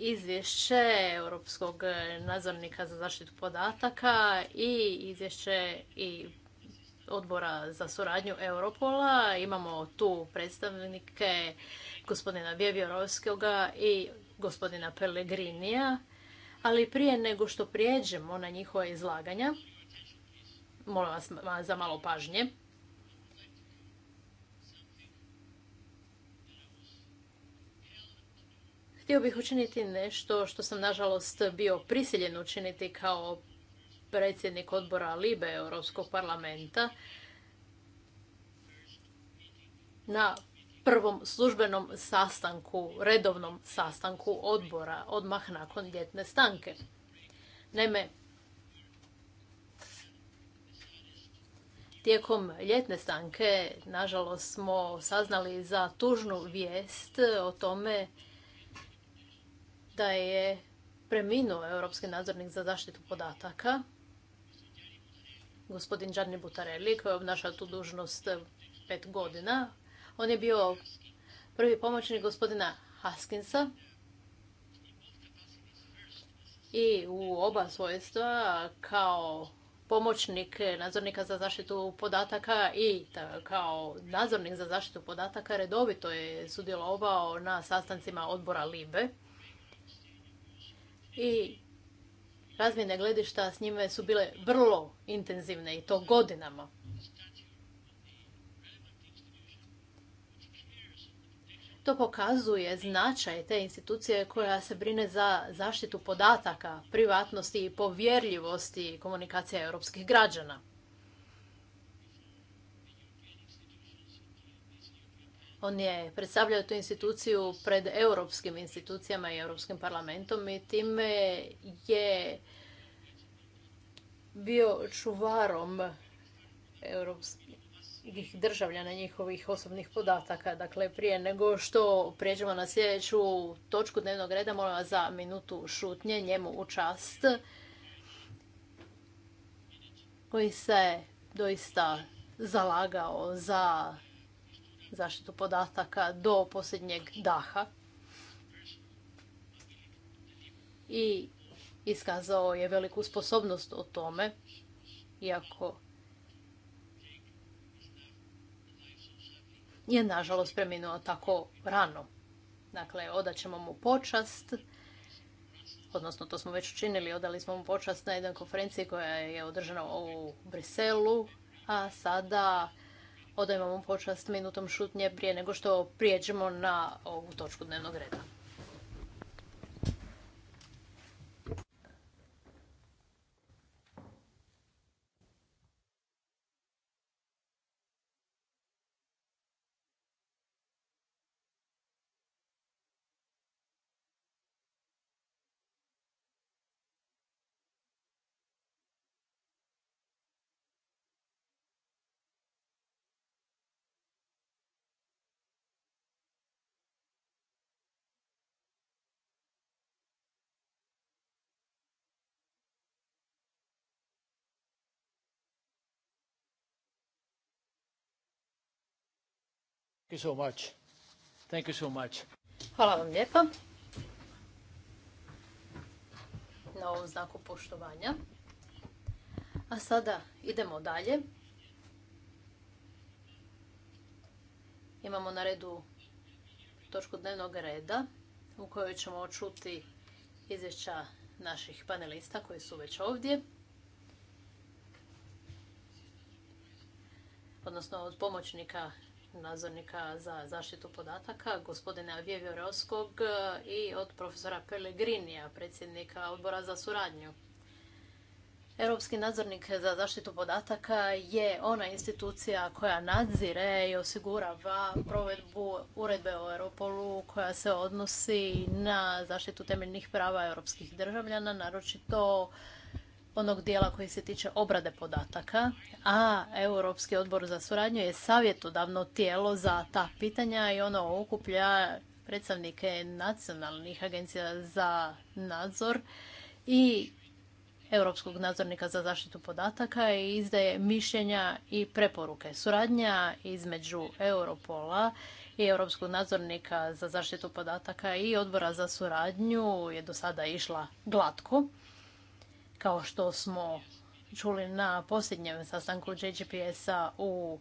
izvješće Europskog nadzornika za zaštitu podataka i izvješće i odbora za suradnju Europola. Imamo tu predstavnike gospodina Vjevjerovskoga i gospodina Pellegrinija. Ali prije nego što prijeđemo na njihova izlaganja, molim vas za malo pažnje. Htio bih učiniti nešto što sam nažalost bio prisiljen učiniti kao predsjednik odbora Libe Europskog parlamenta na prvom službenom sastanku, redovnom sastanku odbora odmah nakon ljetne stanke. Naime, Tijekom ljetne stanke, nažalost, smo saznali za tužnu vijest o tome da je preminuo Europski nadzornik za zaštitu podataka, gospodin Gianni Butarelli, koji je obnašao tu dužnost pet godina. On je bio prvi pomoćnik gospodina Haskinsa i u oba svojstva kao pomoćnik nadzornika za zaštitu podataka i kao nadzornik za zaštitu podataka redovito je sudjelovao na sastancima odbora LIBE i razmjene gledišta s njime su bile vrlo intenzivne i to godinama. To pokazuje značaj te institucije koja se brine za zaštitu podataka, privatnosti i povjerljivosti komunikacije europskih građana. On je predstavljao tu instituciju pred europskim institucijama i europskim parlamentom i time je bio čuvarom europskih državljana njihovih osobnih podataka. Dakle, prije nego što prijeđemo na sljedeću točku dnevnog reda, molim vas za minutu šutnje njemu u čast koji se doista zalagao za zaštitu podataka do posljednjeg daha i iskazao je veliku sposobnost o tome, iako je nažalost preminuo tako rano. Dakle, odaćemo mu počast, odnosno to smo već učinili, odali smo mu počast na jednoj konferenciji koja je održana u Briselu, a sada odajemo vam počast minutom šutnje prije nego što prijeđemo na ovu točku dnevnog reda. Hvala vam lijepa na ovom znaku poštovanja. A sada idemo dalje. Imamo na redu točku dnevnog reda u kojoj ćemo čuti izvješća naših panelista koji su već ovdje. Odnosno od pomoćnika nadzornika za zaštitu podataka, gospodina Roskog e, i od profesora Pelegrinija, predsjednika odbora za suradnju. Europski nadzornik za zaštitu podataka je ona institucija koja nadzire i osigurava provedbu uredbe o Europolu koja se odnosi na zaštitu temeljnih prava europskih državljana, naročito onog dijela koji se tiče obrade podataka, a Europski odbor za suradnju je savjetodavno tijelo za ta pitanja i ono okuplja predstavnike nacionalnih agencija za nadzor i Europskog nadzornika za zaštitu podataka i izdaje mišljenja i preporuke. Suradnja između Europola i Europskog nadzornika za zaštitu podataka i odbora za suradnju je do sada išla glatko. Kao što smo čuli na posljednjem sastanku JGPS-a u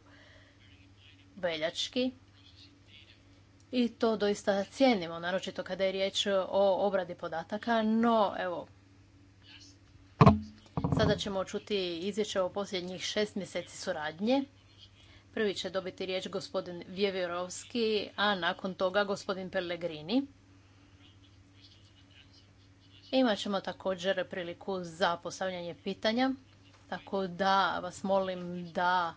Beljački, i to doista cijenimo, naročito kada je riječ o obradi podataka, no evo, sada ćemo čuti izvješće o posljednjih šest mjeseci suradnje. Prvi će dobiti riječ gospodin Vjevjerovski, a nakon toga gospodin Pellegrini. Imat ćemo također priliku za postavljanje pitanja, tako da vas molim da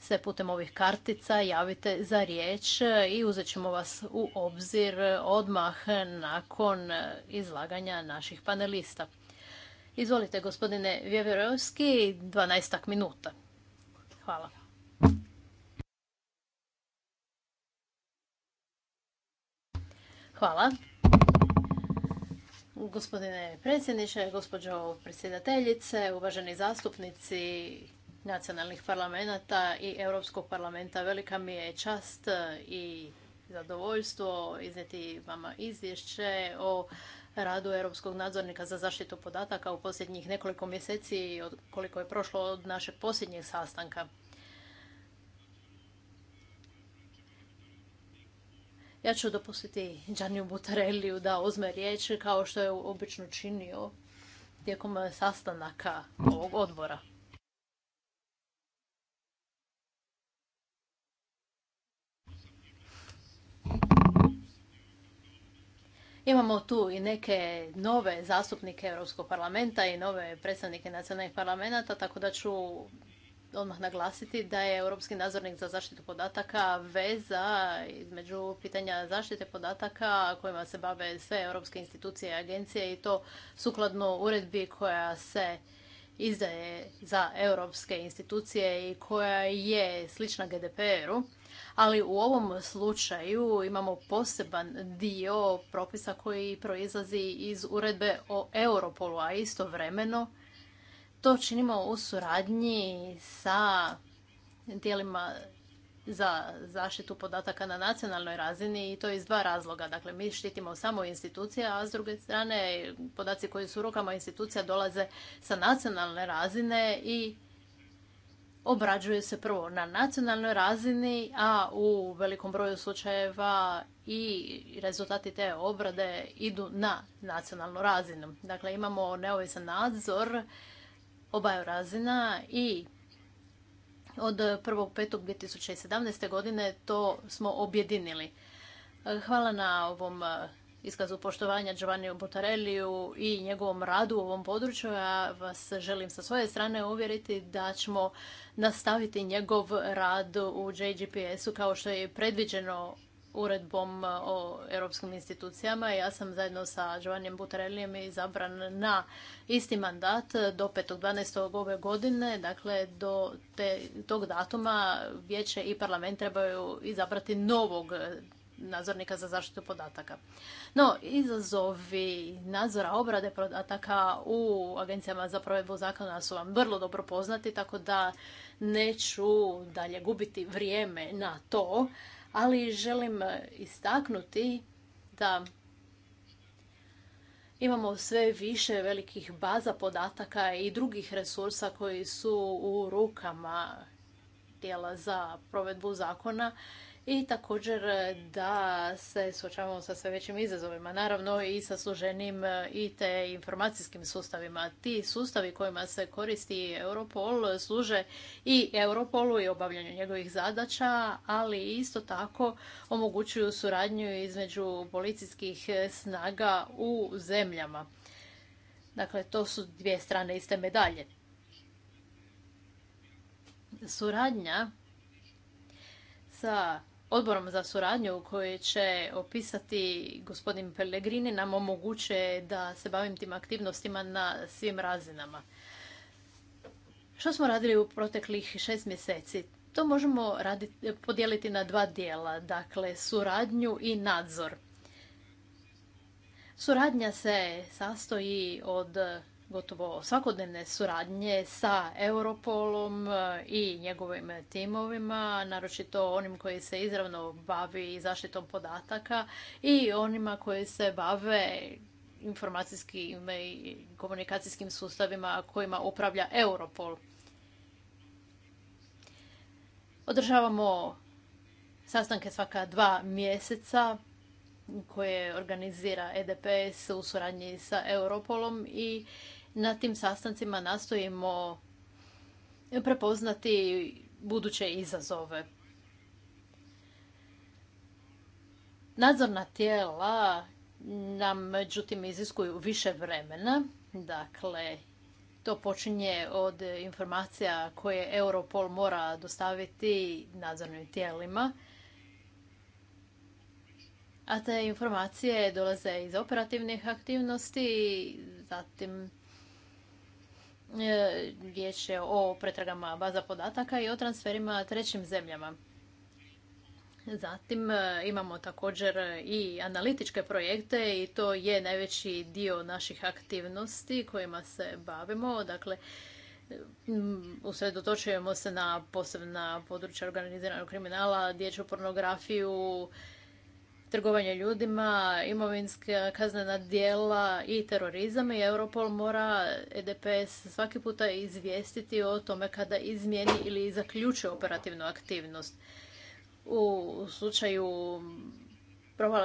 se putem ovih kartica javite za riječ i uzet ćemo vas u obzir odmah nakon izlaganja naših panelista. Izvolite, gospodine Vjeverovski, 12 minuta. Hvala. Hvala. Gospodine predsjedniče, gospođo predsjedateljice, uvaženi zastupnici nacionalnih parlamenta i Europskog parlamenta, velika mi je čast i zadovoljstvo iznijeti vama izvješće o radu Europskog nadzornika za zaštitu podataka u posljednjih nekoliko mjeseci koliko je prošlo od našeg posljednjeg sastanka. Ja ću dopustiti Đaniju Butareliju da uzme riječ kao što je obično činio tijekom eh, sastanaka ovog odbora. Imamo tu i neke nove zastupnike Europskog parlamenta i nove predstavnike nacionalnih parlamenta, tako da ću odmah naglasiti da je Europski nadzornik za zaštitu podataka veza između pitanja zaštite podataka kojima se bave sve europske institucije i agencije i to sukladno uredbi koja se izdaje za europske institucije i koja je slična GDPR-u. Ali u ovom slučaju imamo poseban dio propisa koji proizlazi iz uredbe o Europolu, a istovremeno to činimo u suradnji sa tijelima za zaštitu podataka na nacionalnoj razini i to iz dva razloga. Dakle, mi štitimo samo institucije, a s druge strane podaci koji su u rukama institucija dolaze sa nacionalne razine i obrađuju se prvo na nacionalnoj razini, a u velikom broju slučajeva i rezultati te obrade idu na nacionalnu razinu. Dakle, imamo neovisan nadzor obaju razina i od 1.5.2017. godine to smo objedinili. Hvala na ovom e, iskazu poštovanja Giovanni Botarelliju i njegovom radu u ovom području. Ja vas želim sa svoje strane uvjeriti da ćemo nastaviti njegov rad u JGPS-u kao što je predviđeno uredbom e, o europskim institucijama. Ja sam zajedno sa Giovannijem Butarelijem izabran na isti mandat do 5.12. ove godine. Dakle, do tog datuma vijeće i parlament trebaju izabrati novog nadzornika za zaštitu podataka. No, izazovi nadzora obrade podataka u agencijama za provedbu zakona su vam vrlo dobro poznati, tako da neću dalje gubiti vrijeme na to ali želim e, istaknuti da imamo sve više velikih baza podataka i drugih resursa koji su u rukama tijela za provedbu zakona i također e, da se suočavamo sa sve većim izazovima, naravno i sa služenim e, i te informacijskim sustavima. Ti sustavi kojima se koristi Europol služe i Europolu i obavljanju njegovih zadaća, ali isto tako omogućuju suradnju između policijskih snaga u zemljama. Dakle, to su dvije strane iste medalje. Suradnja sa odborom za suradnju koji će opisati gospodin Pellegrini nam omogućuje da se bavim tim aktivnostima na svim razinama. Što smo radili u proteklih šest mjeseci? To možemo podijeliti na dva dijela, dakle suradnju i nadzor. Suradnja se sastoji od gotovo svakodnevne suradnje sa Europolom e, i njegovim timovima, naročito onim koji se izravno bavi zaštitom podataka i onima koji se bave informacijskim i komunikacijskim sustavima kojima upravlja Europol. Održavamo sastanke svaka dva mjeseca koje organizira EDPS u suradnji sa Europolom i na tim sastancima nastojimo prepoznati buduće izazove. Nadzorna tijela nam međutim iziskuju više vremena, dakle to počinje od informacija koje Europol mora dostaviti nadzornim tijelima, a te informacije dolaze iz operativnih aktivnosti, zatim E, riječ je o pretragama baza podataka i o transferima trećim zemljama. Zatim e, imamo također i analitičke projekte i to je najveći dio naših aktivnosti kojima se bavimo. Dakle, usredotočujemo se na posebna područja organiziranog kriminala, dječju pornografiju, trgovanje ljudima, imovinska kaznena dijela i terorizam i Europol mora EDPS svaki puta izvijestiti o tome kada izmijeni ili zaključi operativnu aktivnost. U slučaju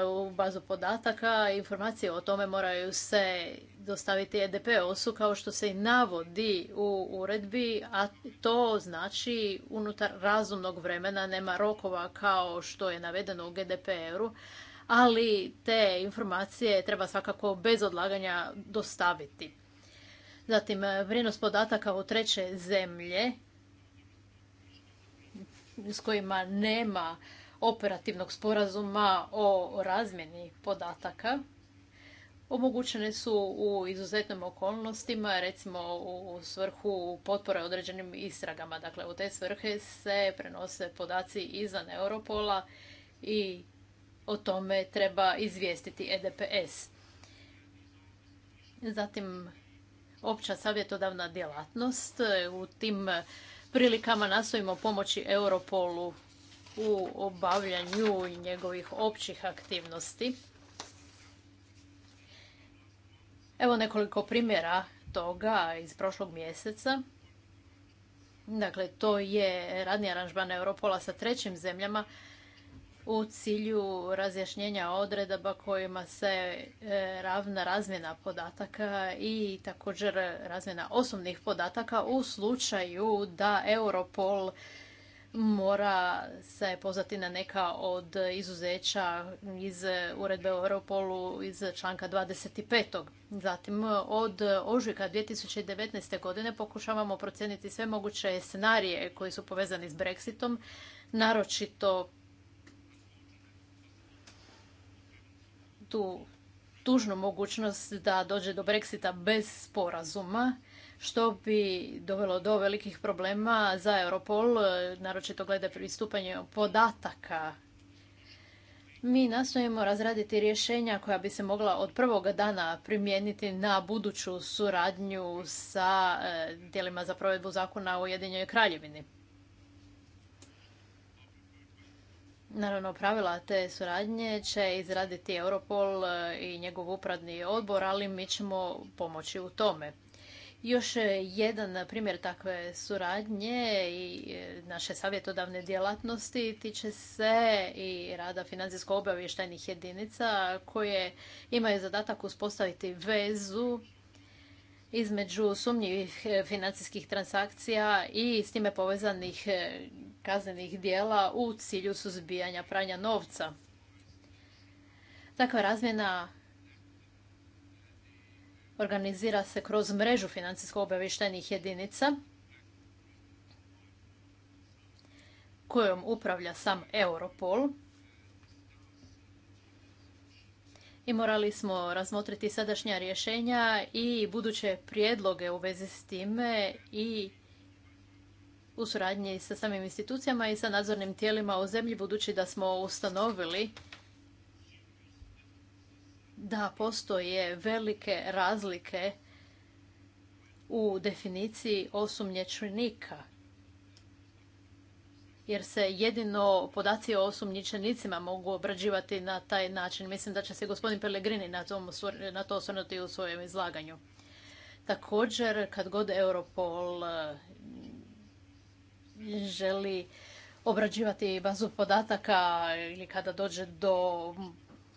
u bazu podataka. Informacije o tome moraju se dostaviti EDP-osu kao što se i navodi u uredbi, a to znači unutar razumnog vremena nema rokova kao što je navedeno u GDPR-u, ali te informacije treba svakako bez odlaganja dostaviti. Zatim, vrijednost podataka u treće zemlje s kojima nema operativnog sporazuma o razmjeni podataka omogućene su u izuzetnim okolnostima, recimo u svrhu potpore određenim istragama. Dakle, u te svrhe se prenose podaci izvan Europola i o tome treba izvijestiti EDPS. Zatim, opća savjetodavna djelatnost. U tim prilikama nastojimo pomoći Europolu u obavljanju njegovih općih aktivnosti. Evo nekoliko primjera toga iz prošlog mjeseca. Dakle, to je radni aranžman Europola sa trećim zemljama u cilju razjašnjenja odredaba kojima se e, ravna razmjena podataka i također razmjena osobnih podataka u slučaju da Europol mora se pozvati na neka od izuzeća iz uredbe o Europolu iz članka 25. Zatim od ožujka 2019. godine pokušavamo procijeniti sve moguće scenarije koji su povezani s Brexitom, naročito tu tužnu mogućnost da dođe do Brexita bez sporazuma što bi dovelo do velikih problema za Europol, naročito glede pristupanje podataka. Mi nastojimo razraditi rješenja koja bi se mogla od prvog dana primijeniti na buduću suradnju sa dijelima e, za provedbu zakona o Ujedinjenoj kraljevini. Naravno, pravila te suradnje će izraditi Europol e, i njegov upravni odbor, ali mi ćemo pomoći u tome. Još e, jedan primjer takve suradnje i e, naše savjetodavne djelatnosti tiče se i rada financijsko-obavještajnih jedinica koje imaju zadatak uspostaviti vezu između sumnjivih e, financijskih transakcija i s time povezanih kaznenih dijela u cilju suzbijanja pranja novca. Takva razmjena organizira se kroz mrežu financijsko-obavještajnih jedinica kojom upravlja sam Europol. I morali smo razmotriti sadašnja rješenja i buduće prijedloge u vezi s time i u suradnji sa samim institucijama i sa nadzornim tijelima u zemlji, budući da smo ustanovili da postoje velike razlike u definiciji osumnjičenika. Jer se jedino podaci o osumnjičenicima mogu obrađivati na taj način. Mislim da će se gospodin Pellegrini na, na to osvrnuti u svojem izlaganju. Također, kad god Europol e, želi obrađivati bazu podataka ili kada dođe do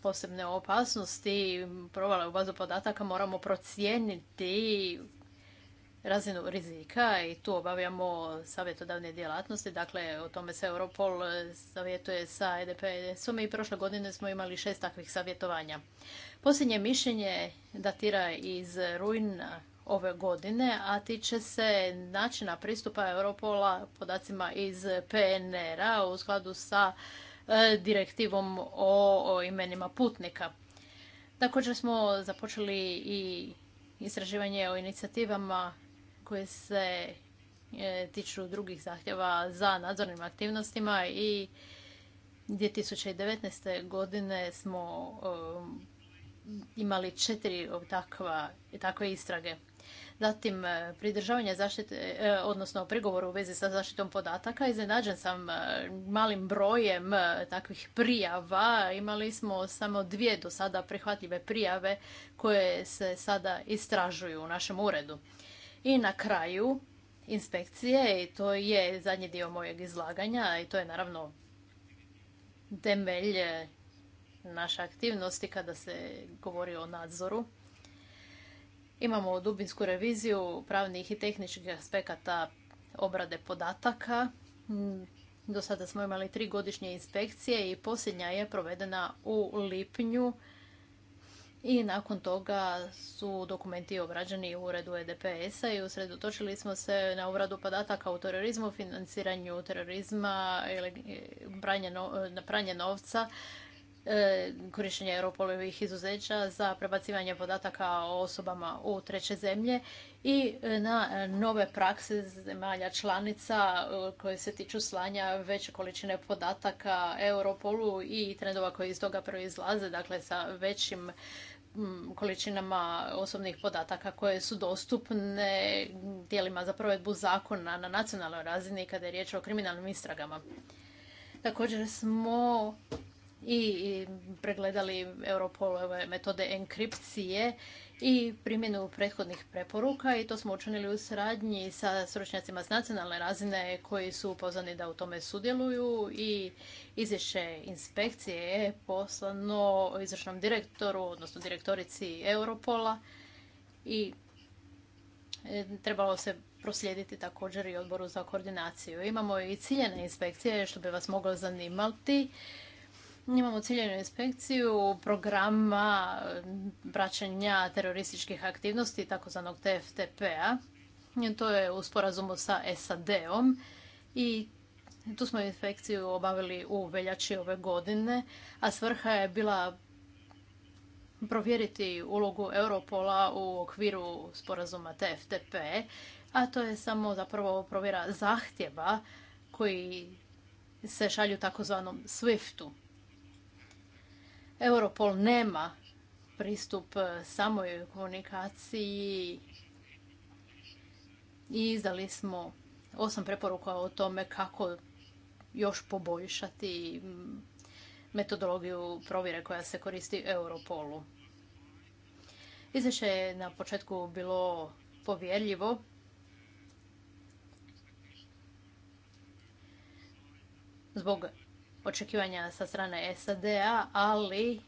posebne opasnosti, provale u bazu podataka, moramo procijeniti razinu rizika i tu obavljamo savjetodavne djelatnosti. Dakle, o tome se Europol savjetuje sa EDPS-om i prošle godine smo imali šest takvih savjetovanja. Posljednje mišljenje datira iz rujna ove godine, a tiče se načina pristupa Europola podacima iz PNR-a u skladu sa E, direktivom o imenima putnika. Također smo započeli i istraživanje o inicijativama koje se e, tiču drugih zahtjeva za nadzornim aktivnostima i 2019. godine smo e, imali četiri takve istrage. Zatim, e, pridržavanje zaštite, e, odnosno prigovor u vezi sa zaštitom podataka. Iznenađen sam e, malim brojem takvih prijava. Imali smo samo dvije do sada prihvatljive prijave koje se sada istražuju u našem uredu. I na kraju, inspekcije, i to je zadnji dio mojeg izlaganja, i to je naravno temelj naše aktivnosti kada se govori o nadzoru. Imamo dubinsku reviziju pravnih i tehničkih aspekata obrade podataka. Mm, do sada smo imali tri godišnje inspekcije i posljednja je provedena u lipnju i nakon toga su dokumenti obrađeni u uredu EDPS-a i usredotočili smo se na obradu podataka u terorizmu, financiranju terorizma, pranje, na pranje novca E, korištenje Europolovih izuzeća za prebacivanje podataka o osobama u treće zemlje i e, na nove prakse zemalja članica e, koje se tiču slanja veće količine podataka Europolu i trendova koji iz toga proizlaze, dakle sa većim količinama osobnih podataka koje su dostupne tijelima za provedbu zakona na nacionalnoj razini kada je riječ o kriminalnim istragama. Također smo i pregledali Europolove metode enkripcije i primjenu prethodnih preporuka i to smo učinili u sradnji sa stručnjacima s nacionalne razine koji su upoznani da u tome sudjeluju i izvješće inspekcije je poslano izvršnom direktoru, odnosno direktorici Europola i e, trebalo se proslijediti također i odboru za koordinaciju. Imamo i ciljene inspekcije što bi vas moglo zanimati Imamo ciljenu inspekciju programa praćenja terorističkih aktivnosti, takozvanog TFTP-a. To je u sporazumu sa SAD-om i tu smo inspekciju obavili u veljači ove godine, a svrha je bila provjeriti ulogu Europola u okviru sporazuma TFTP, a to je samo zapravo provjera zahtjeva koji se šalju takozvanom SWIFT-u. Europol nema pristup e, samoj komunikaciji i izdali smo osam preporuka o tome kako još poboljšati metodologiju provjere koja se koristi Europolu. Izvješće je na početku bilo povjerljivo. Zbog očekivanja sa strane SAD-a, ali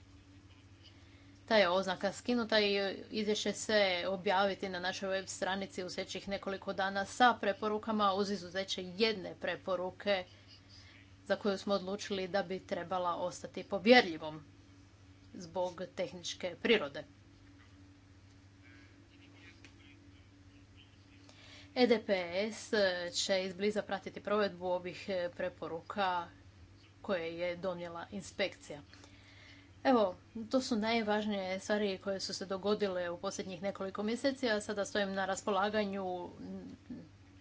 ta je oznaka skinuta i izvješće se objaviti na našoj web stranici u sljedećih nekoliko dana sa preporukama uz izuzeće jedne preporuke za koju smo odlučili da bi trebala ostati povjerljivom zbog tehničke prirode. EDPS će izbliza pratiti provedbu ovih preporuka koje je donijela inspekcija. Evo, to su najvažnije stvari koje su se dogodile u posljednjih nekoliko mjeseci, a sada stojim na raspolaganju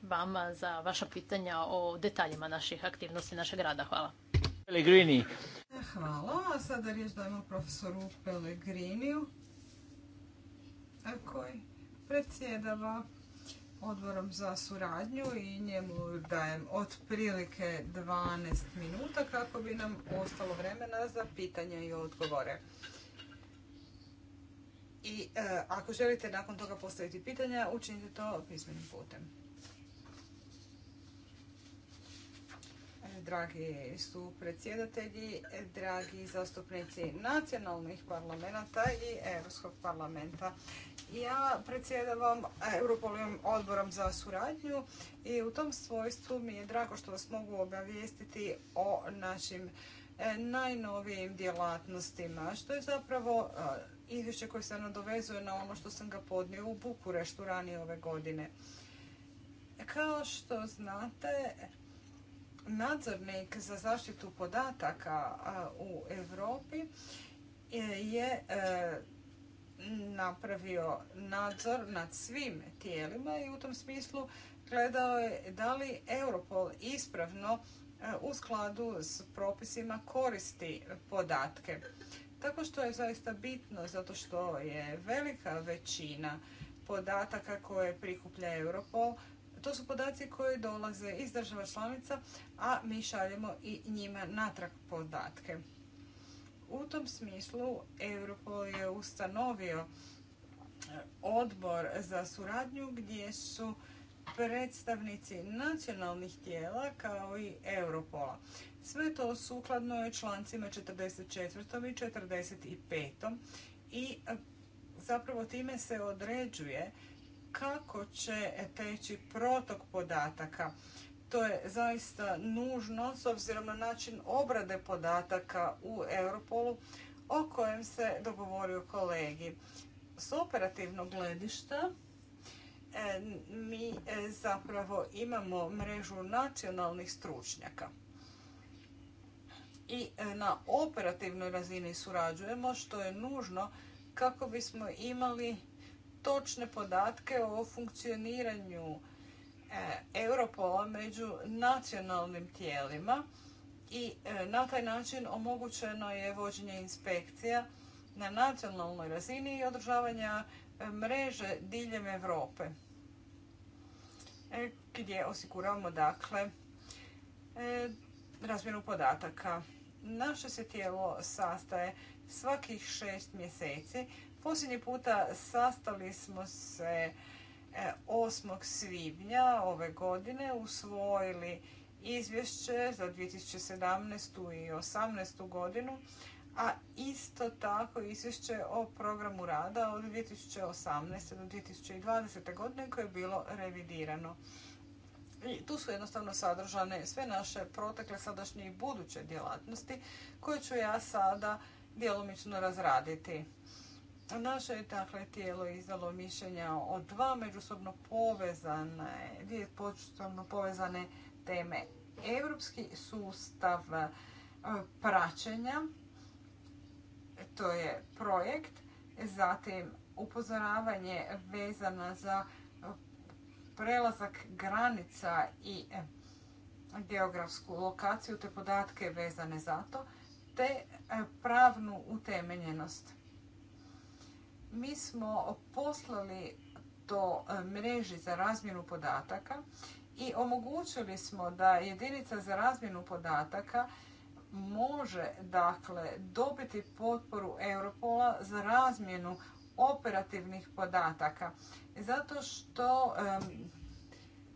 vama za vaša pitanja o detaljima naših aktivnosti, našeg rada. Hvala. Hvala, a sada riječ profesoru koji predsjedava odborom za suradnju i njemu dajem otprilike 12 minuta kako bi nam ostalo vremena za pitanja i odgovore. I e, ako želite nakon toga postaviti pitanja, učinite to pismenim putem. E, dragi su predsjedatelji, dragi zastupnici nacionalnih parlamenta i Europskog parlamenta. Ja predsjedavam Europolijom odborom za suradnju i u tom svojstvu mi je drago što vas mogu obavijestiti o našim e, najnovijim djelatnostima, što je zapravo e, izvješće koje se nadovezuje na ono što sam ga podnio u Bukureštu ranije ove godine. Kao što znate, nadzornik za zaštitu podataka u Europi e, je napravio nadzor nad svim tijelima i u tom smislu gledao je da li Europol ispravno e, u skladu s propisima koristi podatke. Tako što je zaista bitno, zato što je velika većina podataka koje prikuplja Europol, to su podaci koji dolaze iz država članica, a mi šaljemo i njima natrag podatke. U tom smislu Europol je ustanovio e, odbor za suradnju gdje su predstavnici nacionalnih tijela kao i Europola. Sve to sukladno je člancima 44. i 45. i e, zapravo time se određuje kako će teći protok podataka to je zaista nužno s obzirom na način obrade podataka u Europolu o kojem se dogovorio kolegi. S operativnog gledišta e, mi e, zapravo imamo mrežu nacionalnih stručnjaka i e, na operativnoj razini surađujemo što je nužno kako bismo imali točne podatke o funkcioniranju E, Europola među nacionalnim tijelima i e, na taj način omogućeno je vođenje inspekcija na nacionalnoj razini i održavanja e, mreže diljem Europe gdje osiguravamo dakle razmjenu podataka. Naše se tijelo sastaje svakih šest mjeseci. Posljednji puta sastali smo se 8. E, svibnja ove godine usvojili izvješće za 2017. i 2018. godinu, a isto tako izvješće o programu rada od 2018. do 2020. godine koje je bilo revidirano. tu su jednostavno sadržane sve naše protekle, sadašnje i buduće djelatnosti koje ću ja sada djelomično razraditi. Naše je dakle, tijelo izdalo mišljenja o dva međusobno povezane, dvije međusobno povezane teme. Europski sustav e, praćenja, to je projekt, zatim upozoravanje vezana za prelazak granica i geografsku lokaciju te podatke vezane za to, te e, pravnu utemeljenost. Mi smo poslali to e, mreži za razmjenu podataka i omogućili smo da jedinica za razmjenu podataka može dakle dobiti potporu Europola za razmjenu operativnih podataka. Zato što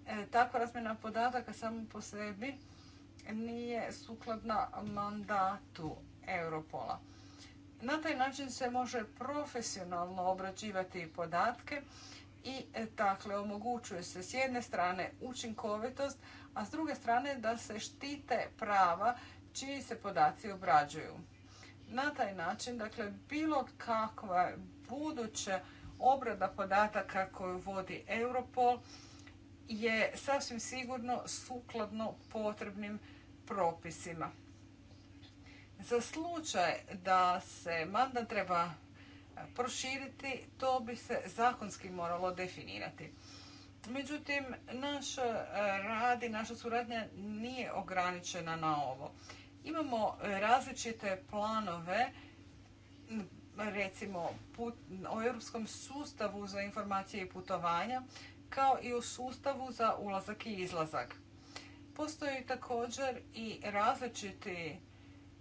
e, takva razmjena podataka samo po sebi nije sukladna mandatu Europola. Na taj način se može profesionalno obrađivati podatke i e, dakle omogućuje se s jedne strane učinkovitost, a s druge strane da se štite prava čiji se podaci obrađuju. Na taj način, dakle, bilo kakva buduća obrada podataka koju vodi Europol je sasvim sigurno sukladno potrebnim propisima. Za slučaj da se mandat treba proširiti, to bi se zakonski moralo definirati. Međutim, naš rad i naša suradnja nije ograničena na ovo. Imamo različite planove, recimo put, o europskom sustavu za informacije i putovanja, kao i o sustavu za ulazak i izlazak. Postoji također i različiti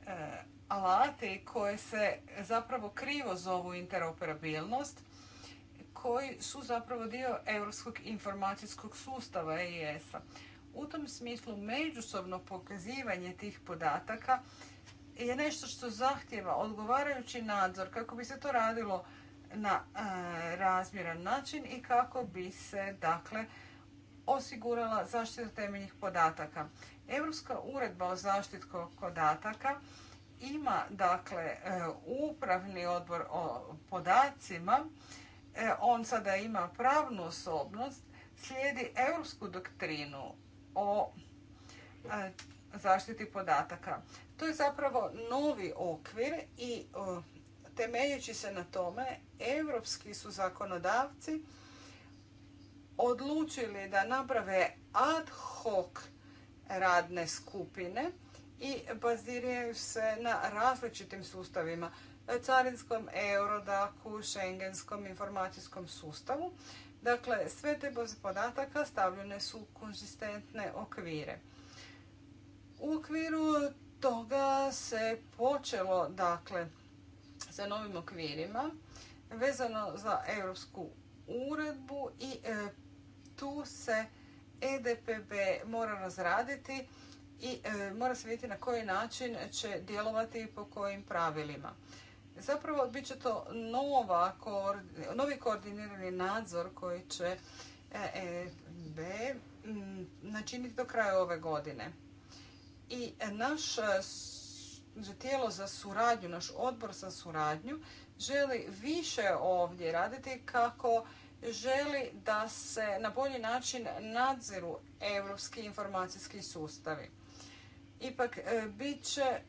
E, alati koje se zapravo krivo zovu interoperabilnost, koji su zapravo dio europskog informacijskog sustava EIS-a. U tom smislu međusobno pokazivanje tih podataka je nešto što zahtjeva odgovarajući nadzor kako bi se to radilo na e, razmjeran način i kako bi se dakle osigurala zaštitu temeljnih podataka. Europska uredba o zaštiti podataka ima dakle e, upravni odbor o podacima, e, on sada ima pravnu osobnost, slijedi europsku doktrinu o e, zaštiti podataka. To je zapravo novi okvir i temeljeći se na tome, europski su zakonodavci odlučili da naprave ad hoc radne skupine i baziraju se na različitim sustavima, carinskom, eurodaku, šengenskom, informacijskom sustavu. Dakle, sve te podataka stavljene su u konzistentne okvire. U okviru toga se počelo, dakle, sa novim okvirima vezano za europsku uredbu i e, tu se EDPB mora razraditi i e, mora se vidjeti na koji način će djelovati i po kojim pravilima. Zapravo bit će to novi koordinirani nadzor koji će EDPB e načiniti do kraja ove godine. I naš e, tijelo za suradnju, naš odbor za suradnju želi više ovdje raditi kako želi da se na bolji način nadziru europski informacijski sustavi. Ipak, e, bit će e,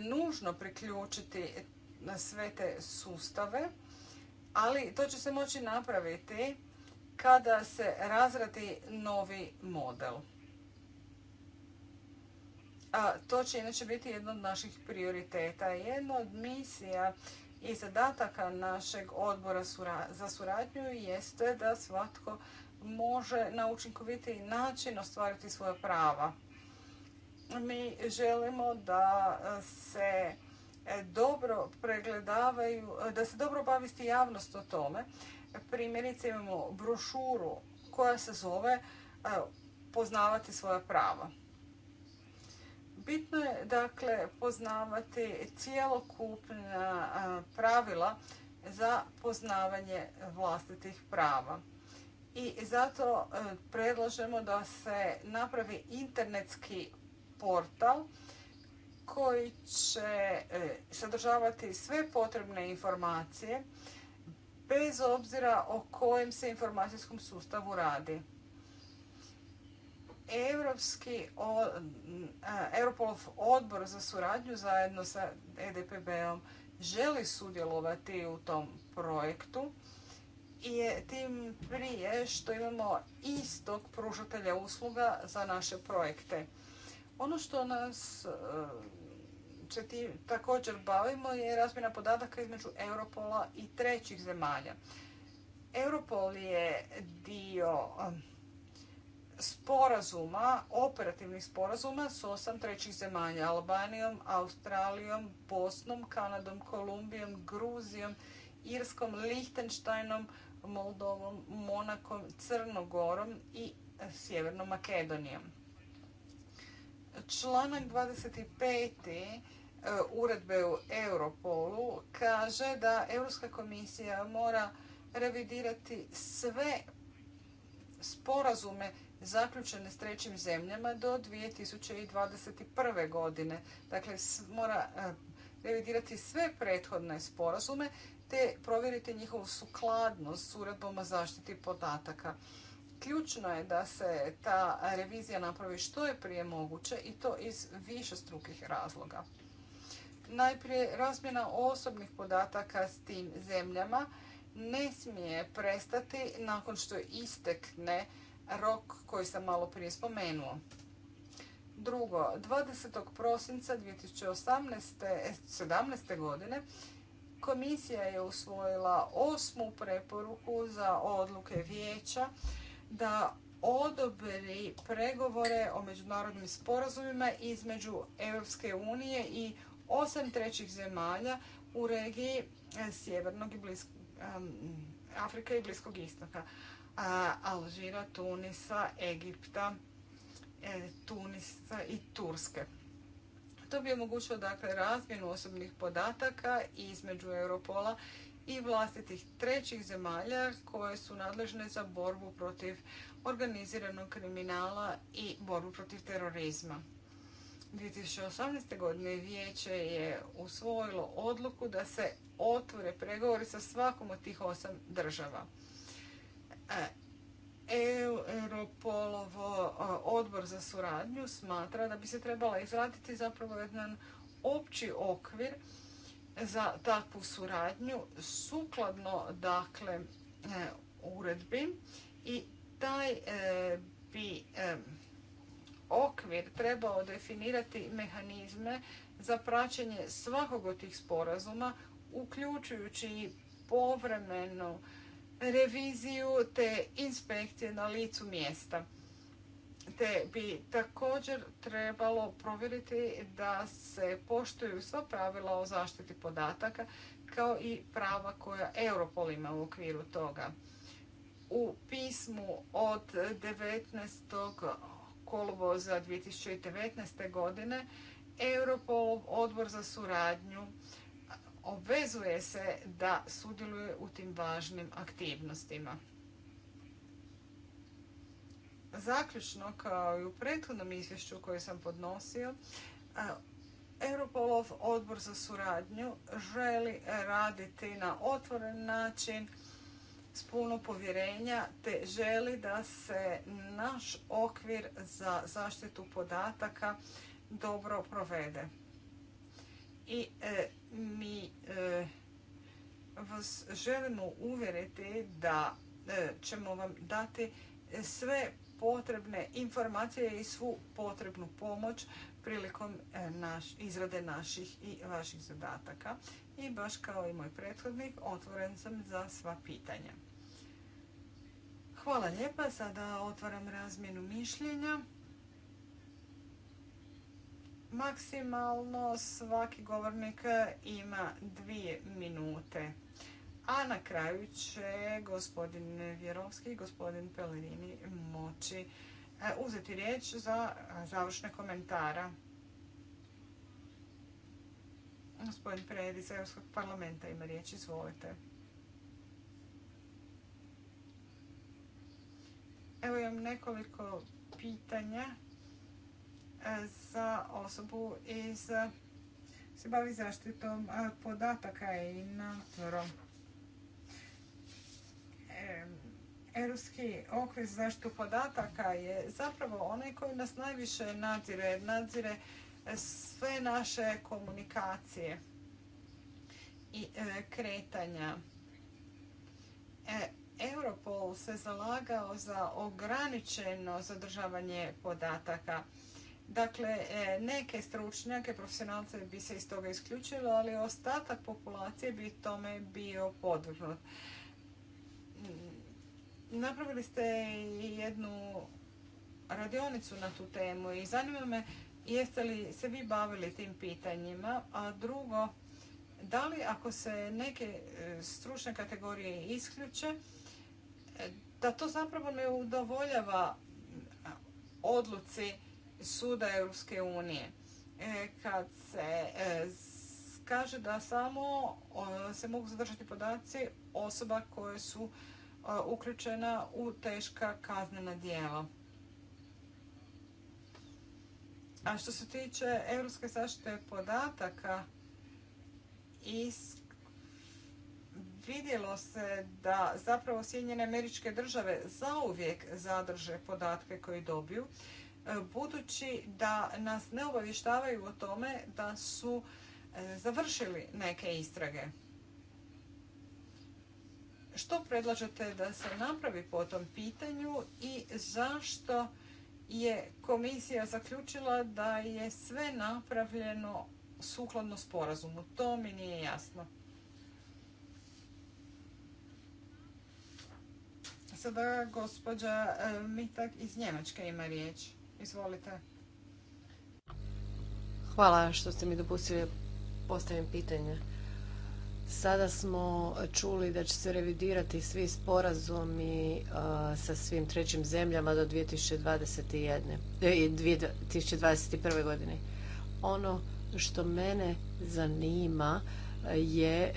nužno priključiti na sve te sustave, ali to će se moći napraviti kada se razradi novi model. A to će inače biti jedno od naših prioriteta. Jedna od misija i zadataka našeg odbora za suradnju jeste da svatko može na učinkovitiji način ostvariti svoje prava. Mi želimo da se dobro pregledavaju, da se dobro obavisti javnost o tome. Primjerice imamo brošuru koja se zove e, Poznavati svoja prava. Bitno je dakle poznavati cjelokupna pravila za poznavanje vlastitih prava. I zato e, predlažemo da se napravi internetski portal koji će e, sadržavati sve potrebne informacije bez obzira o kojem se informacijskom sustavu radi. Europski Europolov odbor za suradnju zajedno sa EDPB-om želi sudjelovati u tom projektu i tim prije što imamo istog pružatelja usluga za naše projekte. Ono što nas e, također bavimo je razmjena podataka između Europola i trećih zemalja. Europol je dio sporazuma, operativnih sporazuma s osam trećih zemalja, Albanijom, Australijom, Bosnom, Kanadom, Kolumbijom, Gruzijom, Irskom, Lichtensteinom, Moldovom, Monakom, Crnogorom i Sjevernom Makedonijom. Članak 25. E, uredbe u Europolu kaže da Europska komisija mora revidirati sve sporazume zaključene s trećim zemljama do 2021. godine. Dakle, mora eh, revidirati sve prethodne sporazume te provjeriti njihovu sukladnost s uredbom o zaštiti podataka. Ključno je da se ta revizija napravi što je prije moguće i to iz više strukih razloga. Najprije razmjena osobnih podataka s tim zemljama ne smije prestati nakon što istekne rok koji sam malo prije spomenuo. Drugo, 20. prosinca 2018. E, godine komisija je usvojila osmu preporuku za odluke vijeća da odobri pregovore o međunarodnim sporazumima između Europske unije i osam trećih zemalja u regiji e, Sjevernog i Bliskog, Afrike i Bliskog istoka. Alžira, Tunisa, Egipta, e, Tunisa i Turske. To bi omogućilo dakle, razmjenu osobnih podataka između Europola i vlastitih trećih zemalja koje su nadležne za borbu protiv organiziranog kriminala i borbu protiv terorizma. 2018. godine vijeće je usvojilo odluku da se otvore pregovori sa svakom od tih osam država. E, Europolovo odbor za suradnju smatra da bi se trebala izraditi zapravo jedan opći okvir za takvu suradnju sukladno dakle e, uredbi i taj e, bi okvir trebao definirati mehanizme za praćenje svakog od tih sporazuma uključujući i povremeno reviziju te inspekcije na licu mjesta. Te bi također trebalo provjeriti da se poštuju sva pravila o zaštiti podataka kao i prava koja Europol ima u okviru toga. U pismu od 19. kolovoza 2019. godine Europol odbor za suradnju obvezuje se da sudjeluje u tim važnim aktivnostima. Zaključno, kao i u prethodnom izvješću koje sam podnosio, e, Europolov odbor za suradnju želi raditi na otvoren način s puno povjerenja te želi da se naš okvir za zaštitu podataka dobro provede. I e, mi e, vas želimo uvjeriti da e, ćemo vam dati sve potrebne informacije i svu potrebnu pomoć prilikom naš, izrade naših i vaših zadataka. I baš kao i moj prethodnik, otvoren sam za sva pitanja. Hvala lijepa, sada otvaram razmjenu mišljenja. Maksimalno svaki govornik ima dvije minute. A na kraju će gospodin Vjerovski i gospodin Pellerini moći e, uzeti riječ za završne komentara. Gospodin Predi Europskog parlamenta ima riječ, izvolite. Evo imam nekoliko pitanja za osobu iz se bavi zaštitom podataka i nadzorom. Europski okvir za zaštitu podataka je zapravo onaj koji nas najviše nadzire, nadzire sve naše komunikacije i e, kretanja. E, Europol se zalagao za ograničeno zadržavanje podataka Dakle, e, neke stručnjake, profesionalce bi se iz toga isključilo, ali ostatak populacije bi tome bio podvrgnut. Mm, napravili ste jednu radionicu na tu temu i zanima me jeste li se vi bavili tim pitanjima, a drugo, da li ako se neke e, stručne kategorije isključe, e, da to zapravo ne udovoljava odluci suda Europske unije e, kad se e, kaže da samo se mogu zadržati podaci osoba koje su e, uključena u teška kaznena djela. A što se tiče europske zaštite podataka, vidjelo se da zapravo Sjedinjene američke države zauvijek zadrže podatke koje dobiju E, budući da nas ne obavještavaju o tome da su e, završili neke istrage. Što predlažete da se napravi po tom pitanju i zašto je komisija zaključila da je sve napravljeno sukladno sporazumu? To mi nije jasno. Sada gospođa e, Mitak iz Njemačke ima riječ. Izvolite. Hvala što ste mi dopustili postavim pitanje. Sada smo čuli da će se revidirati svi sporazumi e, sa svim trećim zemljama do 2021. 2021. E, godine. Ono što mene zanima e, je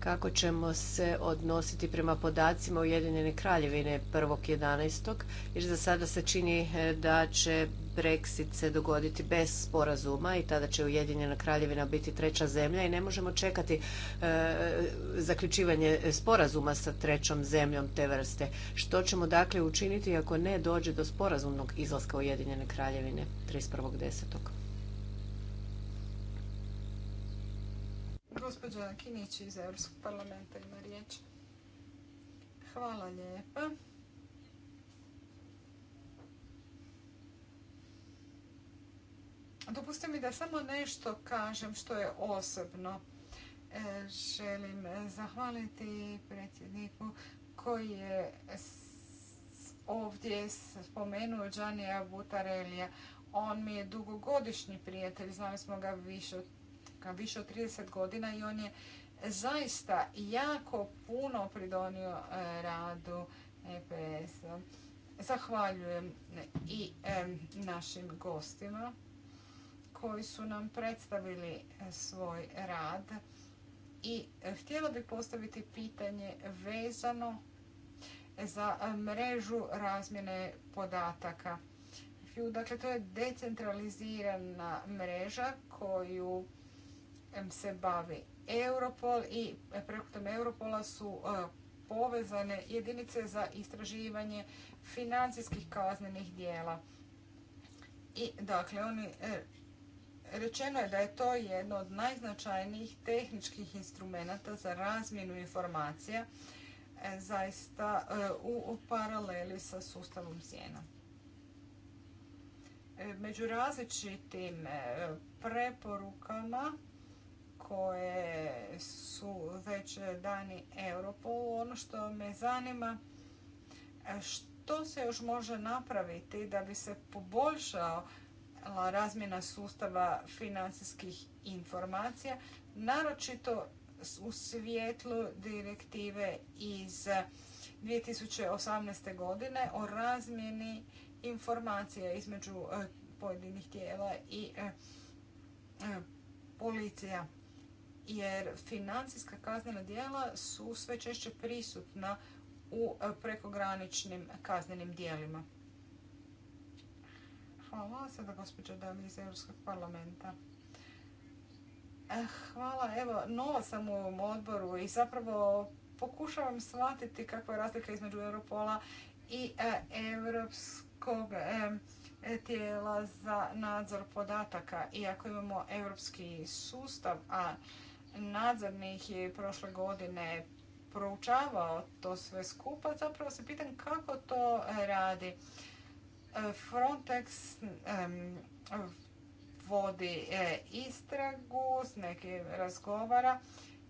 kako ćemo se odnositi prema podacima Ujedinjene kraljevine 1.11. jer za sada se čini e, da će Brexit se dogoditi bez sporazuma i tada će Ujedinjena kraljevina biti treća zemlja i ne možemo čekati e, zaključivanje sporazuma sa trećom zemljom te vrste. Što ćemo dakle učiniti ako ne dođe do sporazumnog izlaska Ujedinjene kraljevine 31.10. Gospođa Kinić iz Europskog parlamenta ima riječ. Hvala lijepa. Dopustite mi da samo nešto kažem što je osobno. E, želim zahvaliti predsjedniku koji je ovdje spomenuo Đanija Butarelija. On mi je dugogodišnji prijatelj, znali smo ga više od više od 30 godina i on je zaista jako puno pridonio e, radu EPS-a. Zahvaljujem i e, našim gostima koji su nam predstavili e, svoj rad. I htjela bih postaviti pitanje vezano za mrežu razmjene podataka. Dakle, to je decentralizirana mreža koju se bavi Europol i preko Europola su e, povezane jedinice za istraživanje financijskih kaznenih dijela. I dakle, oni e, Rečeno je da je to jedno od najznačajnijih tehničkih instrumenata za razmjenu informacija e, zaista u paraleli sa sustavom cijena. Među različitim preporukama koje su već dani Europolu. Ono što me zanima, što se još može napraviti da bi se poboljšala razmjena sustava financijskih informacija, naročito u svijetlu direktive iz 2018. godine o razmjeni informacija između eh, pojedinih tijela i eh, eh, policija jer financijska kaznena djela su sve češće prisutna u e, prekograničnim kaznenim djelima. Hvala. Sada gospođa Dali iz Europskog parlamenta. E, hvala. Evo, nova sam u ovom odboru i zapravo pokušavam shvatiti kakva je razlika između Europola i e, Europskog tijela za nadzor podataka. Iako imamo europski sustav, a nadzornih je prošle godine proučavao to sve skupa, zapravo se pitam kako to radi. E, Frontex vodi e, istragu, s nekim razgovara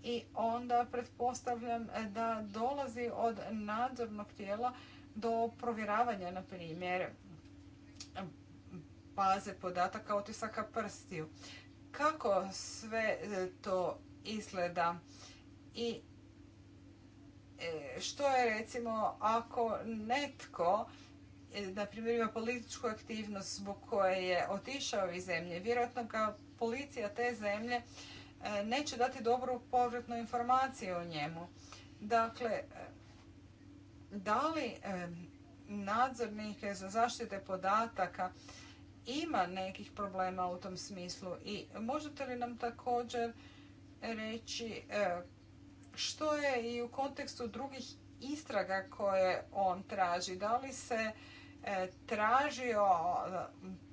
i onda pretpostavljam da dolazi od nadzornog tijela do provjeravanja, na primjer, baze podataka otisaka prstiju. Kako sve to izgleda. I e, što je recimo ako netko e, na primjer ima političku aktivnost zbog koje je otišao iz zemlje, vjerojatno ga policija te zemlje e, neće dati dobru povratnu informaciju o njemu. Dakle, da li nadzornike za zaštite podataka ima nekih problema u tom smislu i možete li nam također reći e, što je i u kontekstu drugih istraga koje on traži. Da li se e, tražio e,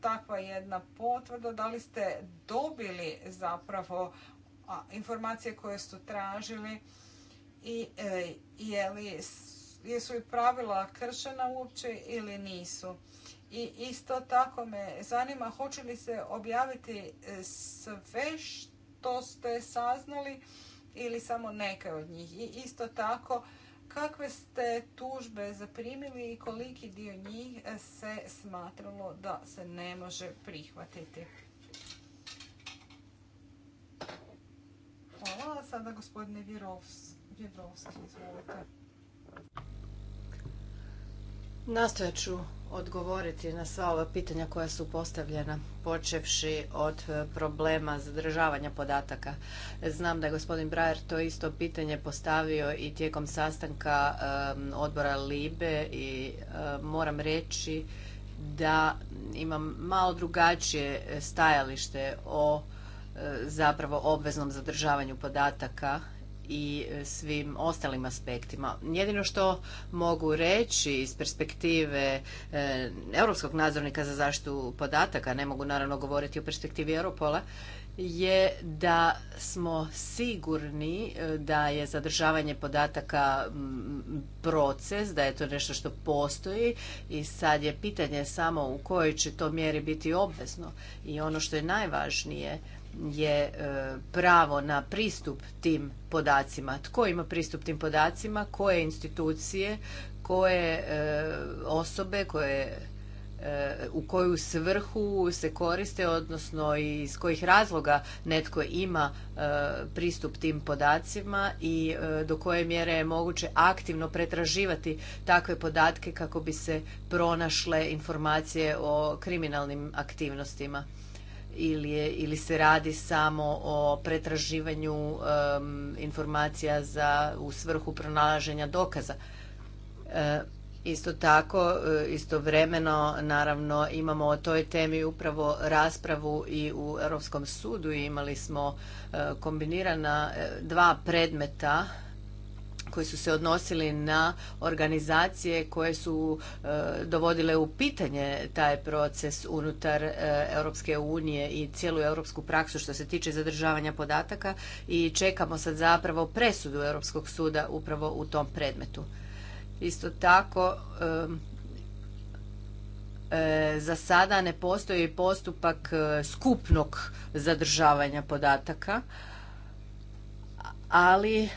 takva jedna potvrda, da li ste dobili zapravo informacije koje su tražili i je li, jesu li pravila kršena uopće ili nisu. I isto tako me zanima hoće li se objaviti sve što što ste saznali ili samo neke od njih. I isto tako, kakve ste tužbe zaprimili i koliki dio njih se smatralo da se ne može prihvatiti. Hvala, sada gospodine Vjerovski, izvolite. Nastojat ću odgovoriti na sva ova pitanja koja su postavljena, počevši od e, problema zadržavanja podataka. Znam da je gospodin Brajer to isto pitanje postavio i tijekom sastanka odbora LIBE i e, moram reći da imam malo drugačije stajalište o e, zapravo obveznom zadržavanju podataka i e, svim ostalim aspektima. Jedino što mogu reći iz perspektive e, Europskog nadzornika za zaštitu podataka, ne mogu naravno govoriti o perspektivi Europola, je da smo sigurni e, da je zadržavanje podataka proces, da je to nešto što postoji i sad je pitanje samo u kojoj će to mjeri biti obvezno. I ono što je najvažnije, je e, pravo na pristup tim podacima. Tko ima pristup tim podacima, koje institucije, koje e, osobe, koje e, u koju svrhu se koriste, odnosno iz kojih razloga netko ima pristup tim podacima i do koje mjere je moguće aktivno pretraživati takve podatke kako bi se pronašle informacije o kriminalnim aktivnostima ili, je, ili se radi samo o pretraživanju informacija za u svrhu pronalaženja dokaza. E, isto tako, e, istovremeno, naravno, imamo o toj temi upravo raspravu i u Europskom sudu. Imali smo e, kombinirana dva predmeta koji su se odnosili na organizacije koje su e, dovodile u pitanje taj proces unutar e, Europske unije i cijelu europsku praksu što se tiče zadržavanja podataka i čekamo sad zapravo presudu Europskog suda upravo u tom predmetu. Isto tako e, za sada ne postoji postupak skupnog zadržavanja podataka, ali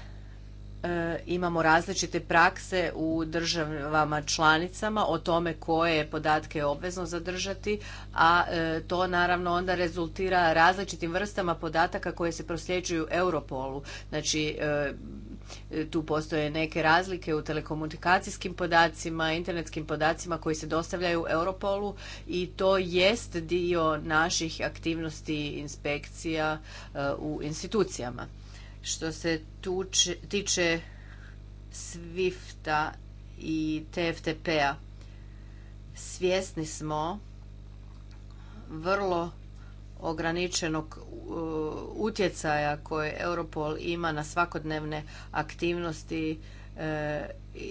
E, imamo različite prakse u državama članicama o tome koje podatke je obvezno zadržati, a e, to naravno onda rezultira različitim vrstama podataka koje se prosljeđuju Europolu. Znači, e, tu postoje neke razlike u telekomunikacijskim podacima, internetskim podacima koji se dostavljaju Europolu i to jest dio naših aktivnosti inspekcija u institucijama. Što se tuče, tiče Swifta i TFTP-a, svjesni smo vrlo ograničenog uh, utjecaja koje Europol ima na svakodnevne aktivnosti E,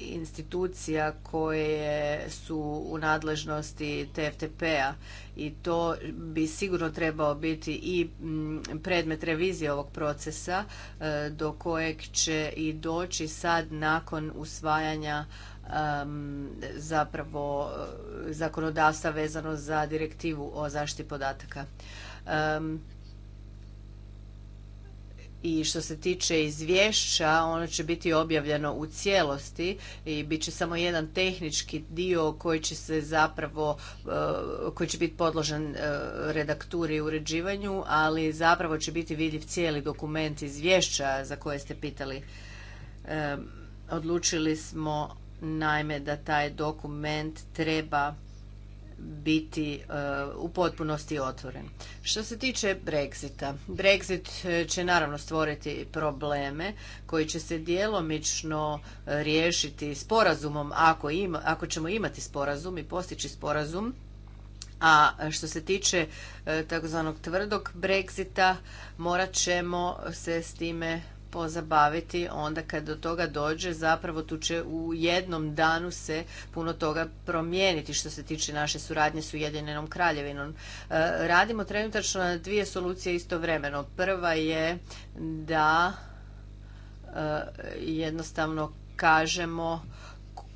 institucija koje su u nadležnosti TFTP-a i to bi sigurno trebao biti i mm, predmet revizije ovog procesa e, do kojeg će i doći sad nakon usvajanja zapravo e, zakonodavstva vezano za direktivu o zaštiti podataka i što se tiče izvješća, ono će biti objavljeno u cijelosti i bit će samo jedan tehnički dio koji će se zapravo, e, koji će biti podložen e, redakturi i uređivanju, ali zapravo će biti vidljiv cijeli dokument izvješća za koje ste pitali. E, odlučili smo naime da taj dokument treba biti e, u potpunosti otvoren. Što se tiče Brexita, Brexit će naravno stvoriti probleme koji će se djelomično e, riješiti sporazumom ako, ima, ako ćemo imati sporazum i postići sporazum. A što se tiče e, takozvanog tvrdog Brexita, morat ćemo se s time pozabaviti onda kad do toga dođe zapravo tu će u jednom danu se puno toga promijeniti što se tiče naše suradnje s Ujedinjenom kraljevinom. E, radimo trenutačno na dvije solucije istovremeno. Prva je da e, jednostavno kažemo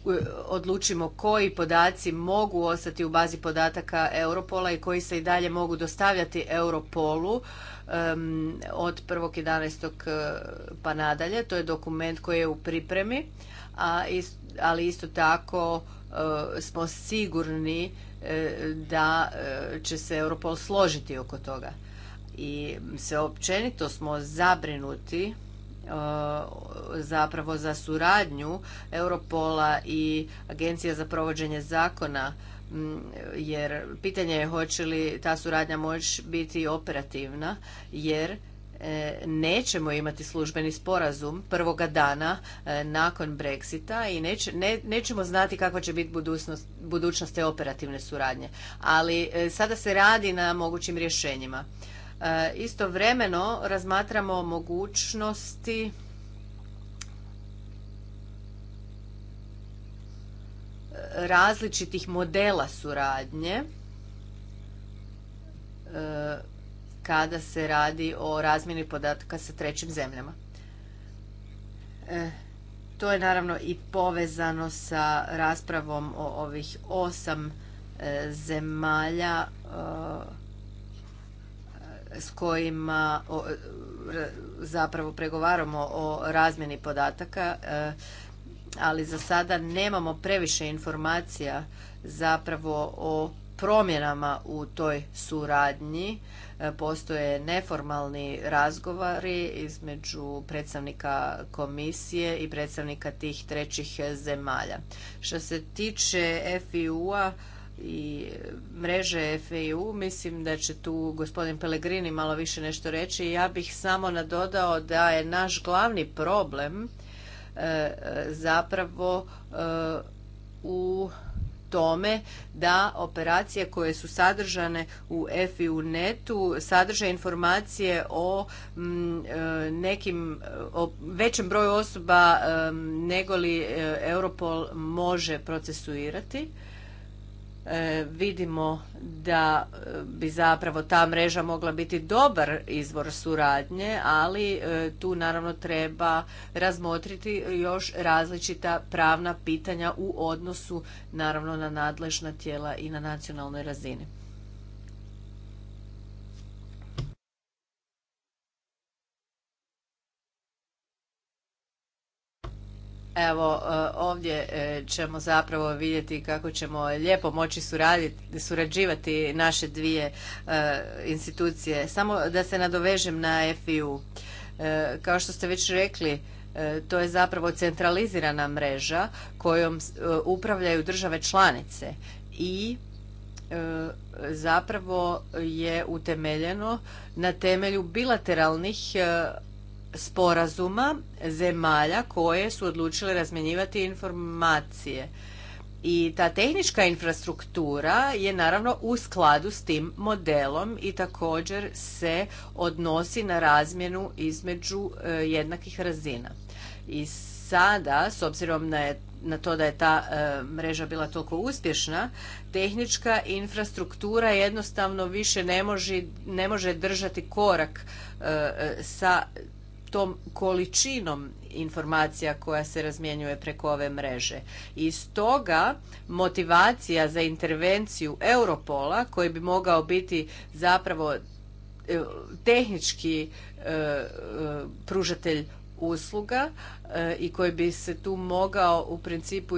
e, odlučimo koji podaci mogu ostati u bazi podataka Europola i koji se i dalje mogu dostavljati Europolu um, od 1.11. Eh, pa nadalje. To je dokument koji je u pripremi, ali isto tako eh, smo sigurni eh, da će se Europol složiti oko toga. I se općenito smo zabrinuti zapravo za suradnju Europola i Agencija za provođenje zakona Mm, jer pitanje je hoće li ta suradnja moći biti operativna jer e, nećemo imati službeni sporazum prvoga dana e, nakon Brexita i nećemo znati kakva će biti budućnost, budućnost te operativne suradnje. Ali e, sada se radi na mogućim rješenjima. Istovremeno razmatramo mogućnosti različitih modela suradnje e, kada se radi o razmjeni podataka sa trećim zemljama. E, to je naravno i povezano sa raspravom o ovih osam e, zemalja s kojima zapravo pregovaramo o razmjeni podataka ali za sada nemamo previše informacija zapravo o promjenama u toj suradnji. E, postoje neformalni razgovori između predstavnika komisije i predstavnika tih trećih zemalja. Što se tiče FIU-a, i mreže FIU, Mislim da će tu gospodin Pelegrini malo više nešto reći. Ja bih samo nadodao da je naš glavni problem E, zapravo e, u tome da operacije koje su sadržane u FIU netu sadrže informacije o e, nekim o većem broju osoba negoli Europol može procesuirati E, vidimo da e, bi zapravo ta mreža mogla biti dobar izvor suradnje, ali e, tu naravno treba razmotriti još različita pravna pitanja u odnosu naravno na nadležna tijela i na nacionalnoj razini. Evo, e, ovdje e, ćemo zapravo vidjeti kako ćemo lijepo moći surađivati naše dvije e, institucije. Samo da se nadovežem na FIU. Kao što ste već rekli, to je zapravo centralizirana mreža kojom upravljaju države članice i zapravo je utemeljeno na temelju bilateralnih sporazuma zemalja koje su odlučile razmjenjivati informacije. I ta tehnička infrastruktura je naravno u skladu s tim modelom i također se odnosi na razmjenu između e, jednakih razina. I sada, s obzirom na na to da je ta e, mreža bila toliko uspješna, tehnička infrastruktura jednostavno više ne može, ne može držati korak e, sa tom količinom informacija koja se razmjenjuje preko ove mreže. I stoga motivacija za intervenciju Europola koji bi mogao biti zapravo e, tehnički e, e, pružatelj usluga i koji bi se tu mogao u principu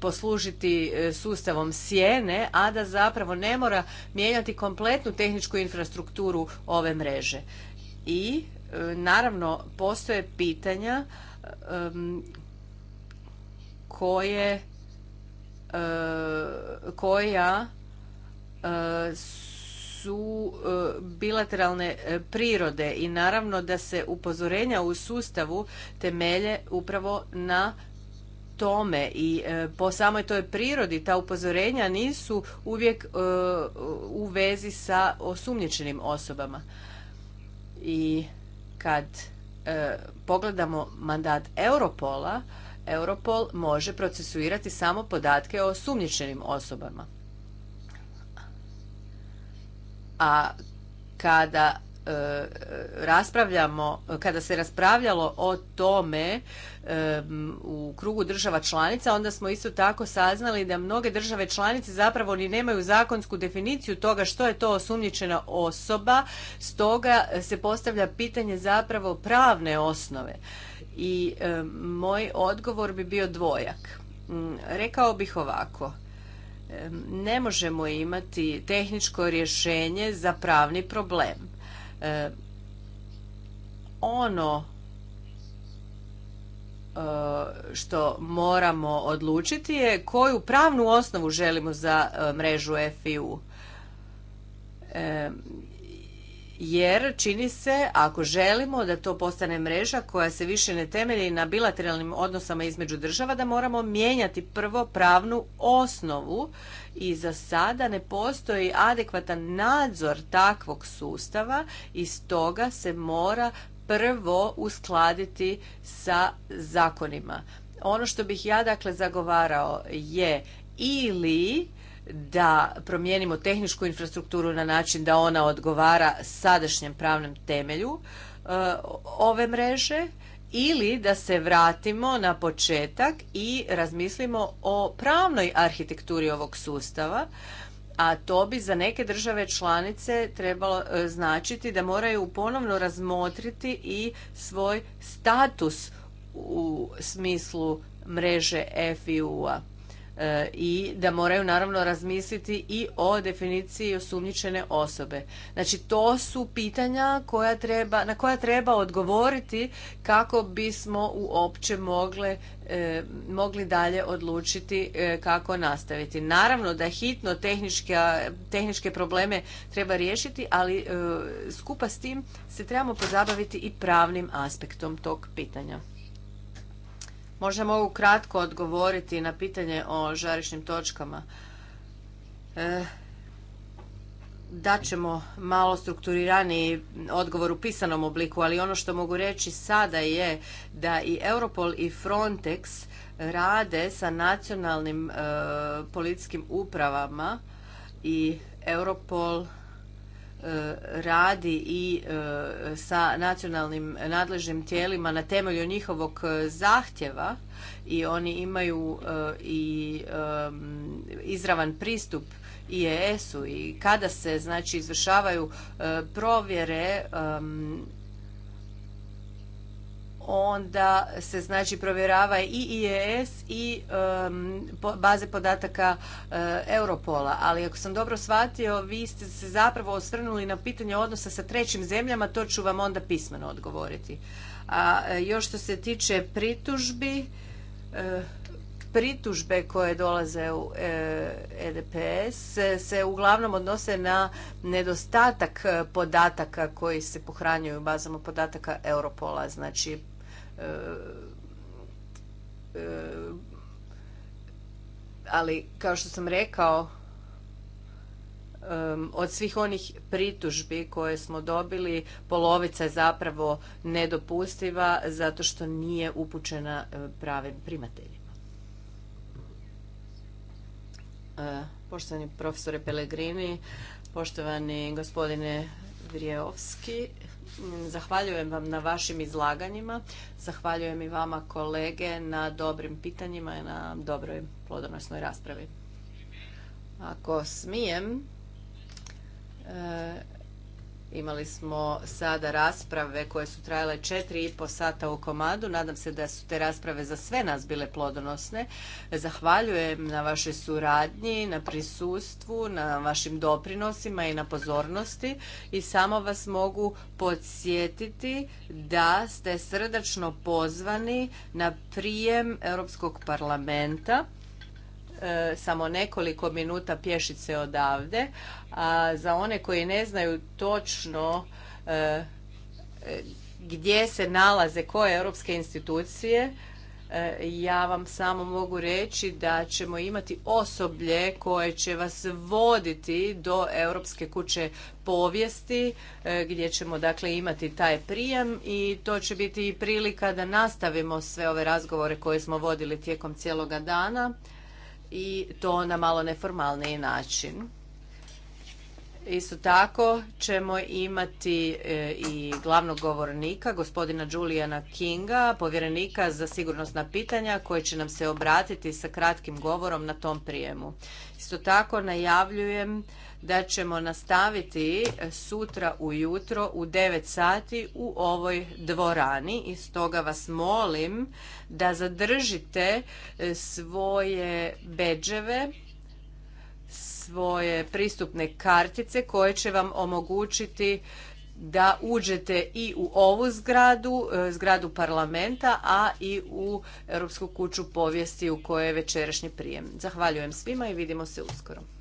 poslužiti sustavom sjene, a da zapravo ne mora mijenjati kompletnu tehničku infrastrukturu ove mreže. I Naravno, postoje pitanja koje eh, koja eh, su eh, bilateralne prirode i naravno da se upozorenja u sustavu temelje upravo na tome i po samoj toj prirodi ta upozorenja nisu uvijek u vezi sa osumnjičenim osobama. I kad e, pogledamo mandat Europola, Europol može procesuirati samo podatke o sumnječenim osobama. A kada E, raspravljamo, kada se raspravljalo o tome e, u krugu država članica, onda smo isto tako saznali da mnoge države članice zapravo ni nemaju zakonsku definiciju toga što je to osumnjičena osoba, stoga se postavlja pitanje zapravo pravne osnove. I e, moj odgovor bi bio dvojak. Mm, rekao bih ovako, ne možemo imati tehničko rješenje za pravni problem E, ono e, što moramo odlučiti je koju pravnu osnovu želimo za e, mrežu FIU jer čini se ako želimo da to postane mreža koja se više ne temelji na bilateralnim odnosama između država da moramo mijenjati prvo pravnu osnovu i za sada ne postoji adekvatan nadzor takvog sustava i stoga se mora prvo uskladiti sa zakonima. Ono što bih ja dakle zagovarao je ili da promijenimo tehničku infrastrukturu na način da ona odgovara sadašnjem pravnom temelju e, ove mreže ili da se vratimo na početak i razmislimo o pravnoj arhitekturi ovog sustava a to bi za neke države članice trebalo e, značiti da moraju ponovno razmotriti i svoj status u smislu mreže FIU-a. E, i da moraju naravno razmisliti i o definiciji osumnjičene osobe. Znači to su pitanja koja treba, na koja treba odgovoriti kako bismo uopće mogle, e, mogli dalje odlučiti e, kako nastaviti. Naravno da hitno tehničke, tehničke probleme treba riješiti, ali skupa s tim se trebamo pozabaviti i pravnim aspektom tog pitanja. Možda mogu kratko odgovoriti na pitanje o žarišnim točkama. E, daćemo malo strukturirani odgovor u pisanom obliku, ali ono što mogu reći sada je da i Europol i Frontex rade sa nacionalnim e, policijskim upravama i Europol E, radi i e, sa nacionalnim nadležnim tijelima na temelju njihovog e, zahtjeva i oni imaju i izravan pristup IES-u i kada se znači izvršavaju provjere onda se znači provjerava i IES i e baze podataka eh, Europola. Ali ako sam dobro shvatio, vi ste se zapravo osvrnuli na pitanje odnosa sa trećim zemljama, to ću vam onda pismeno odgovoriti. A eh, još što se tiče pritužbi, eh, pritužbe koje dolaze u EDPS e se uglavnom odnose na nedostatak podataka koji se pohranjuju bazama podataka Europola. Znači, E, e, ali kao što sam rekao od svih onih pritužbi koje smo dobili polovica je zapravo nedopustiva zato što nije upućena e, pravim primateljima. Poštovani profesore Pelegrini poštovani gospodine Vrijevski, Zahvaljujem vam na vašim izlaganjima. Zahvaljujem i vama kolege na dobrim pitanjima i na dobroj plodonosnoj raspravi. Ako smijem, e, Imali smo sada rasprave koje su trajale četiri i po sata u komadu. Nadam se da su te rasprave za sve nas bile plodonosne. Zahvaljujem na vašoj suradnji, na prisustvu, na vašim doprinosima i na pozornosti. I samo vas mogu podsjetiti da ste srdačno pozvani na prijem Europskog parlamenta E, samo nekoliko minuta pješice odavde, a za one koji ne znaju točno e, e, gdje se nalaze koje europske institucije, ja vam samo mogu reći da ćemo imati osoblje koje će vas voditi do Europske kuće povijesti gdje ćemo dakle imati taj prijem i to će biti i prilika da nastavimo sve ove razgovore koje smo vodili tijekom cijeloga dana i to na malo neformalniji način. Isto tako ćemo imati e, i glavnog govornika, gospodina Juliana Kinga, povjerenika za sigurnosna pitanja koji će nam se obratiti sa kratkim govorom na tom prijemu. Isto tako najavljujem da ćemo nastaviti e, sutra ujutro u 9 sati u ovoj dvorani i stoga vas molim da zadržite e, svoje beđeve svoje pristupne kartice koje će vam omogućiti da uđete i u ovu zgradu, e, zgradu parlamenta, a i u Europsku kuću povijesti u kojoj je večerašnji prijem. Zahvaljujem svima i vidimo se uskoro.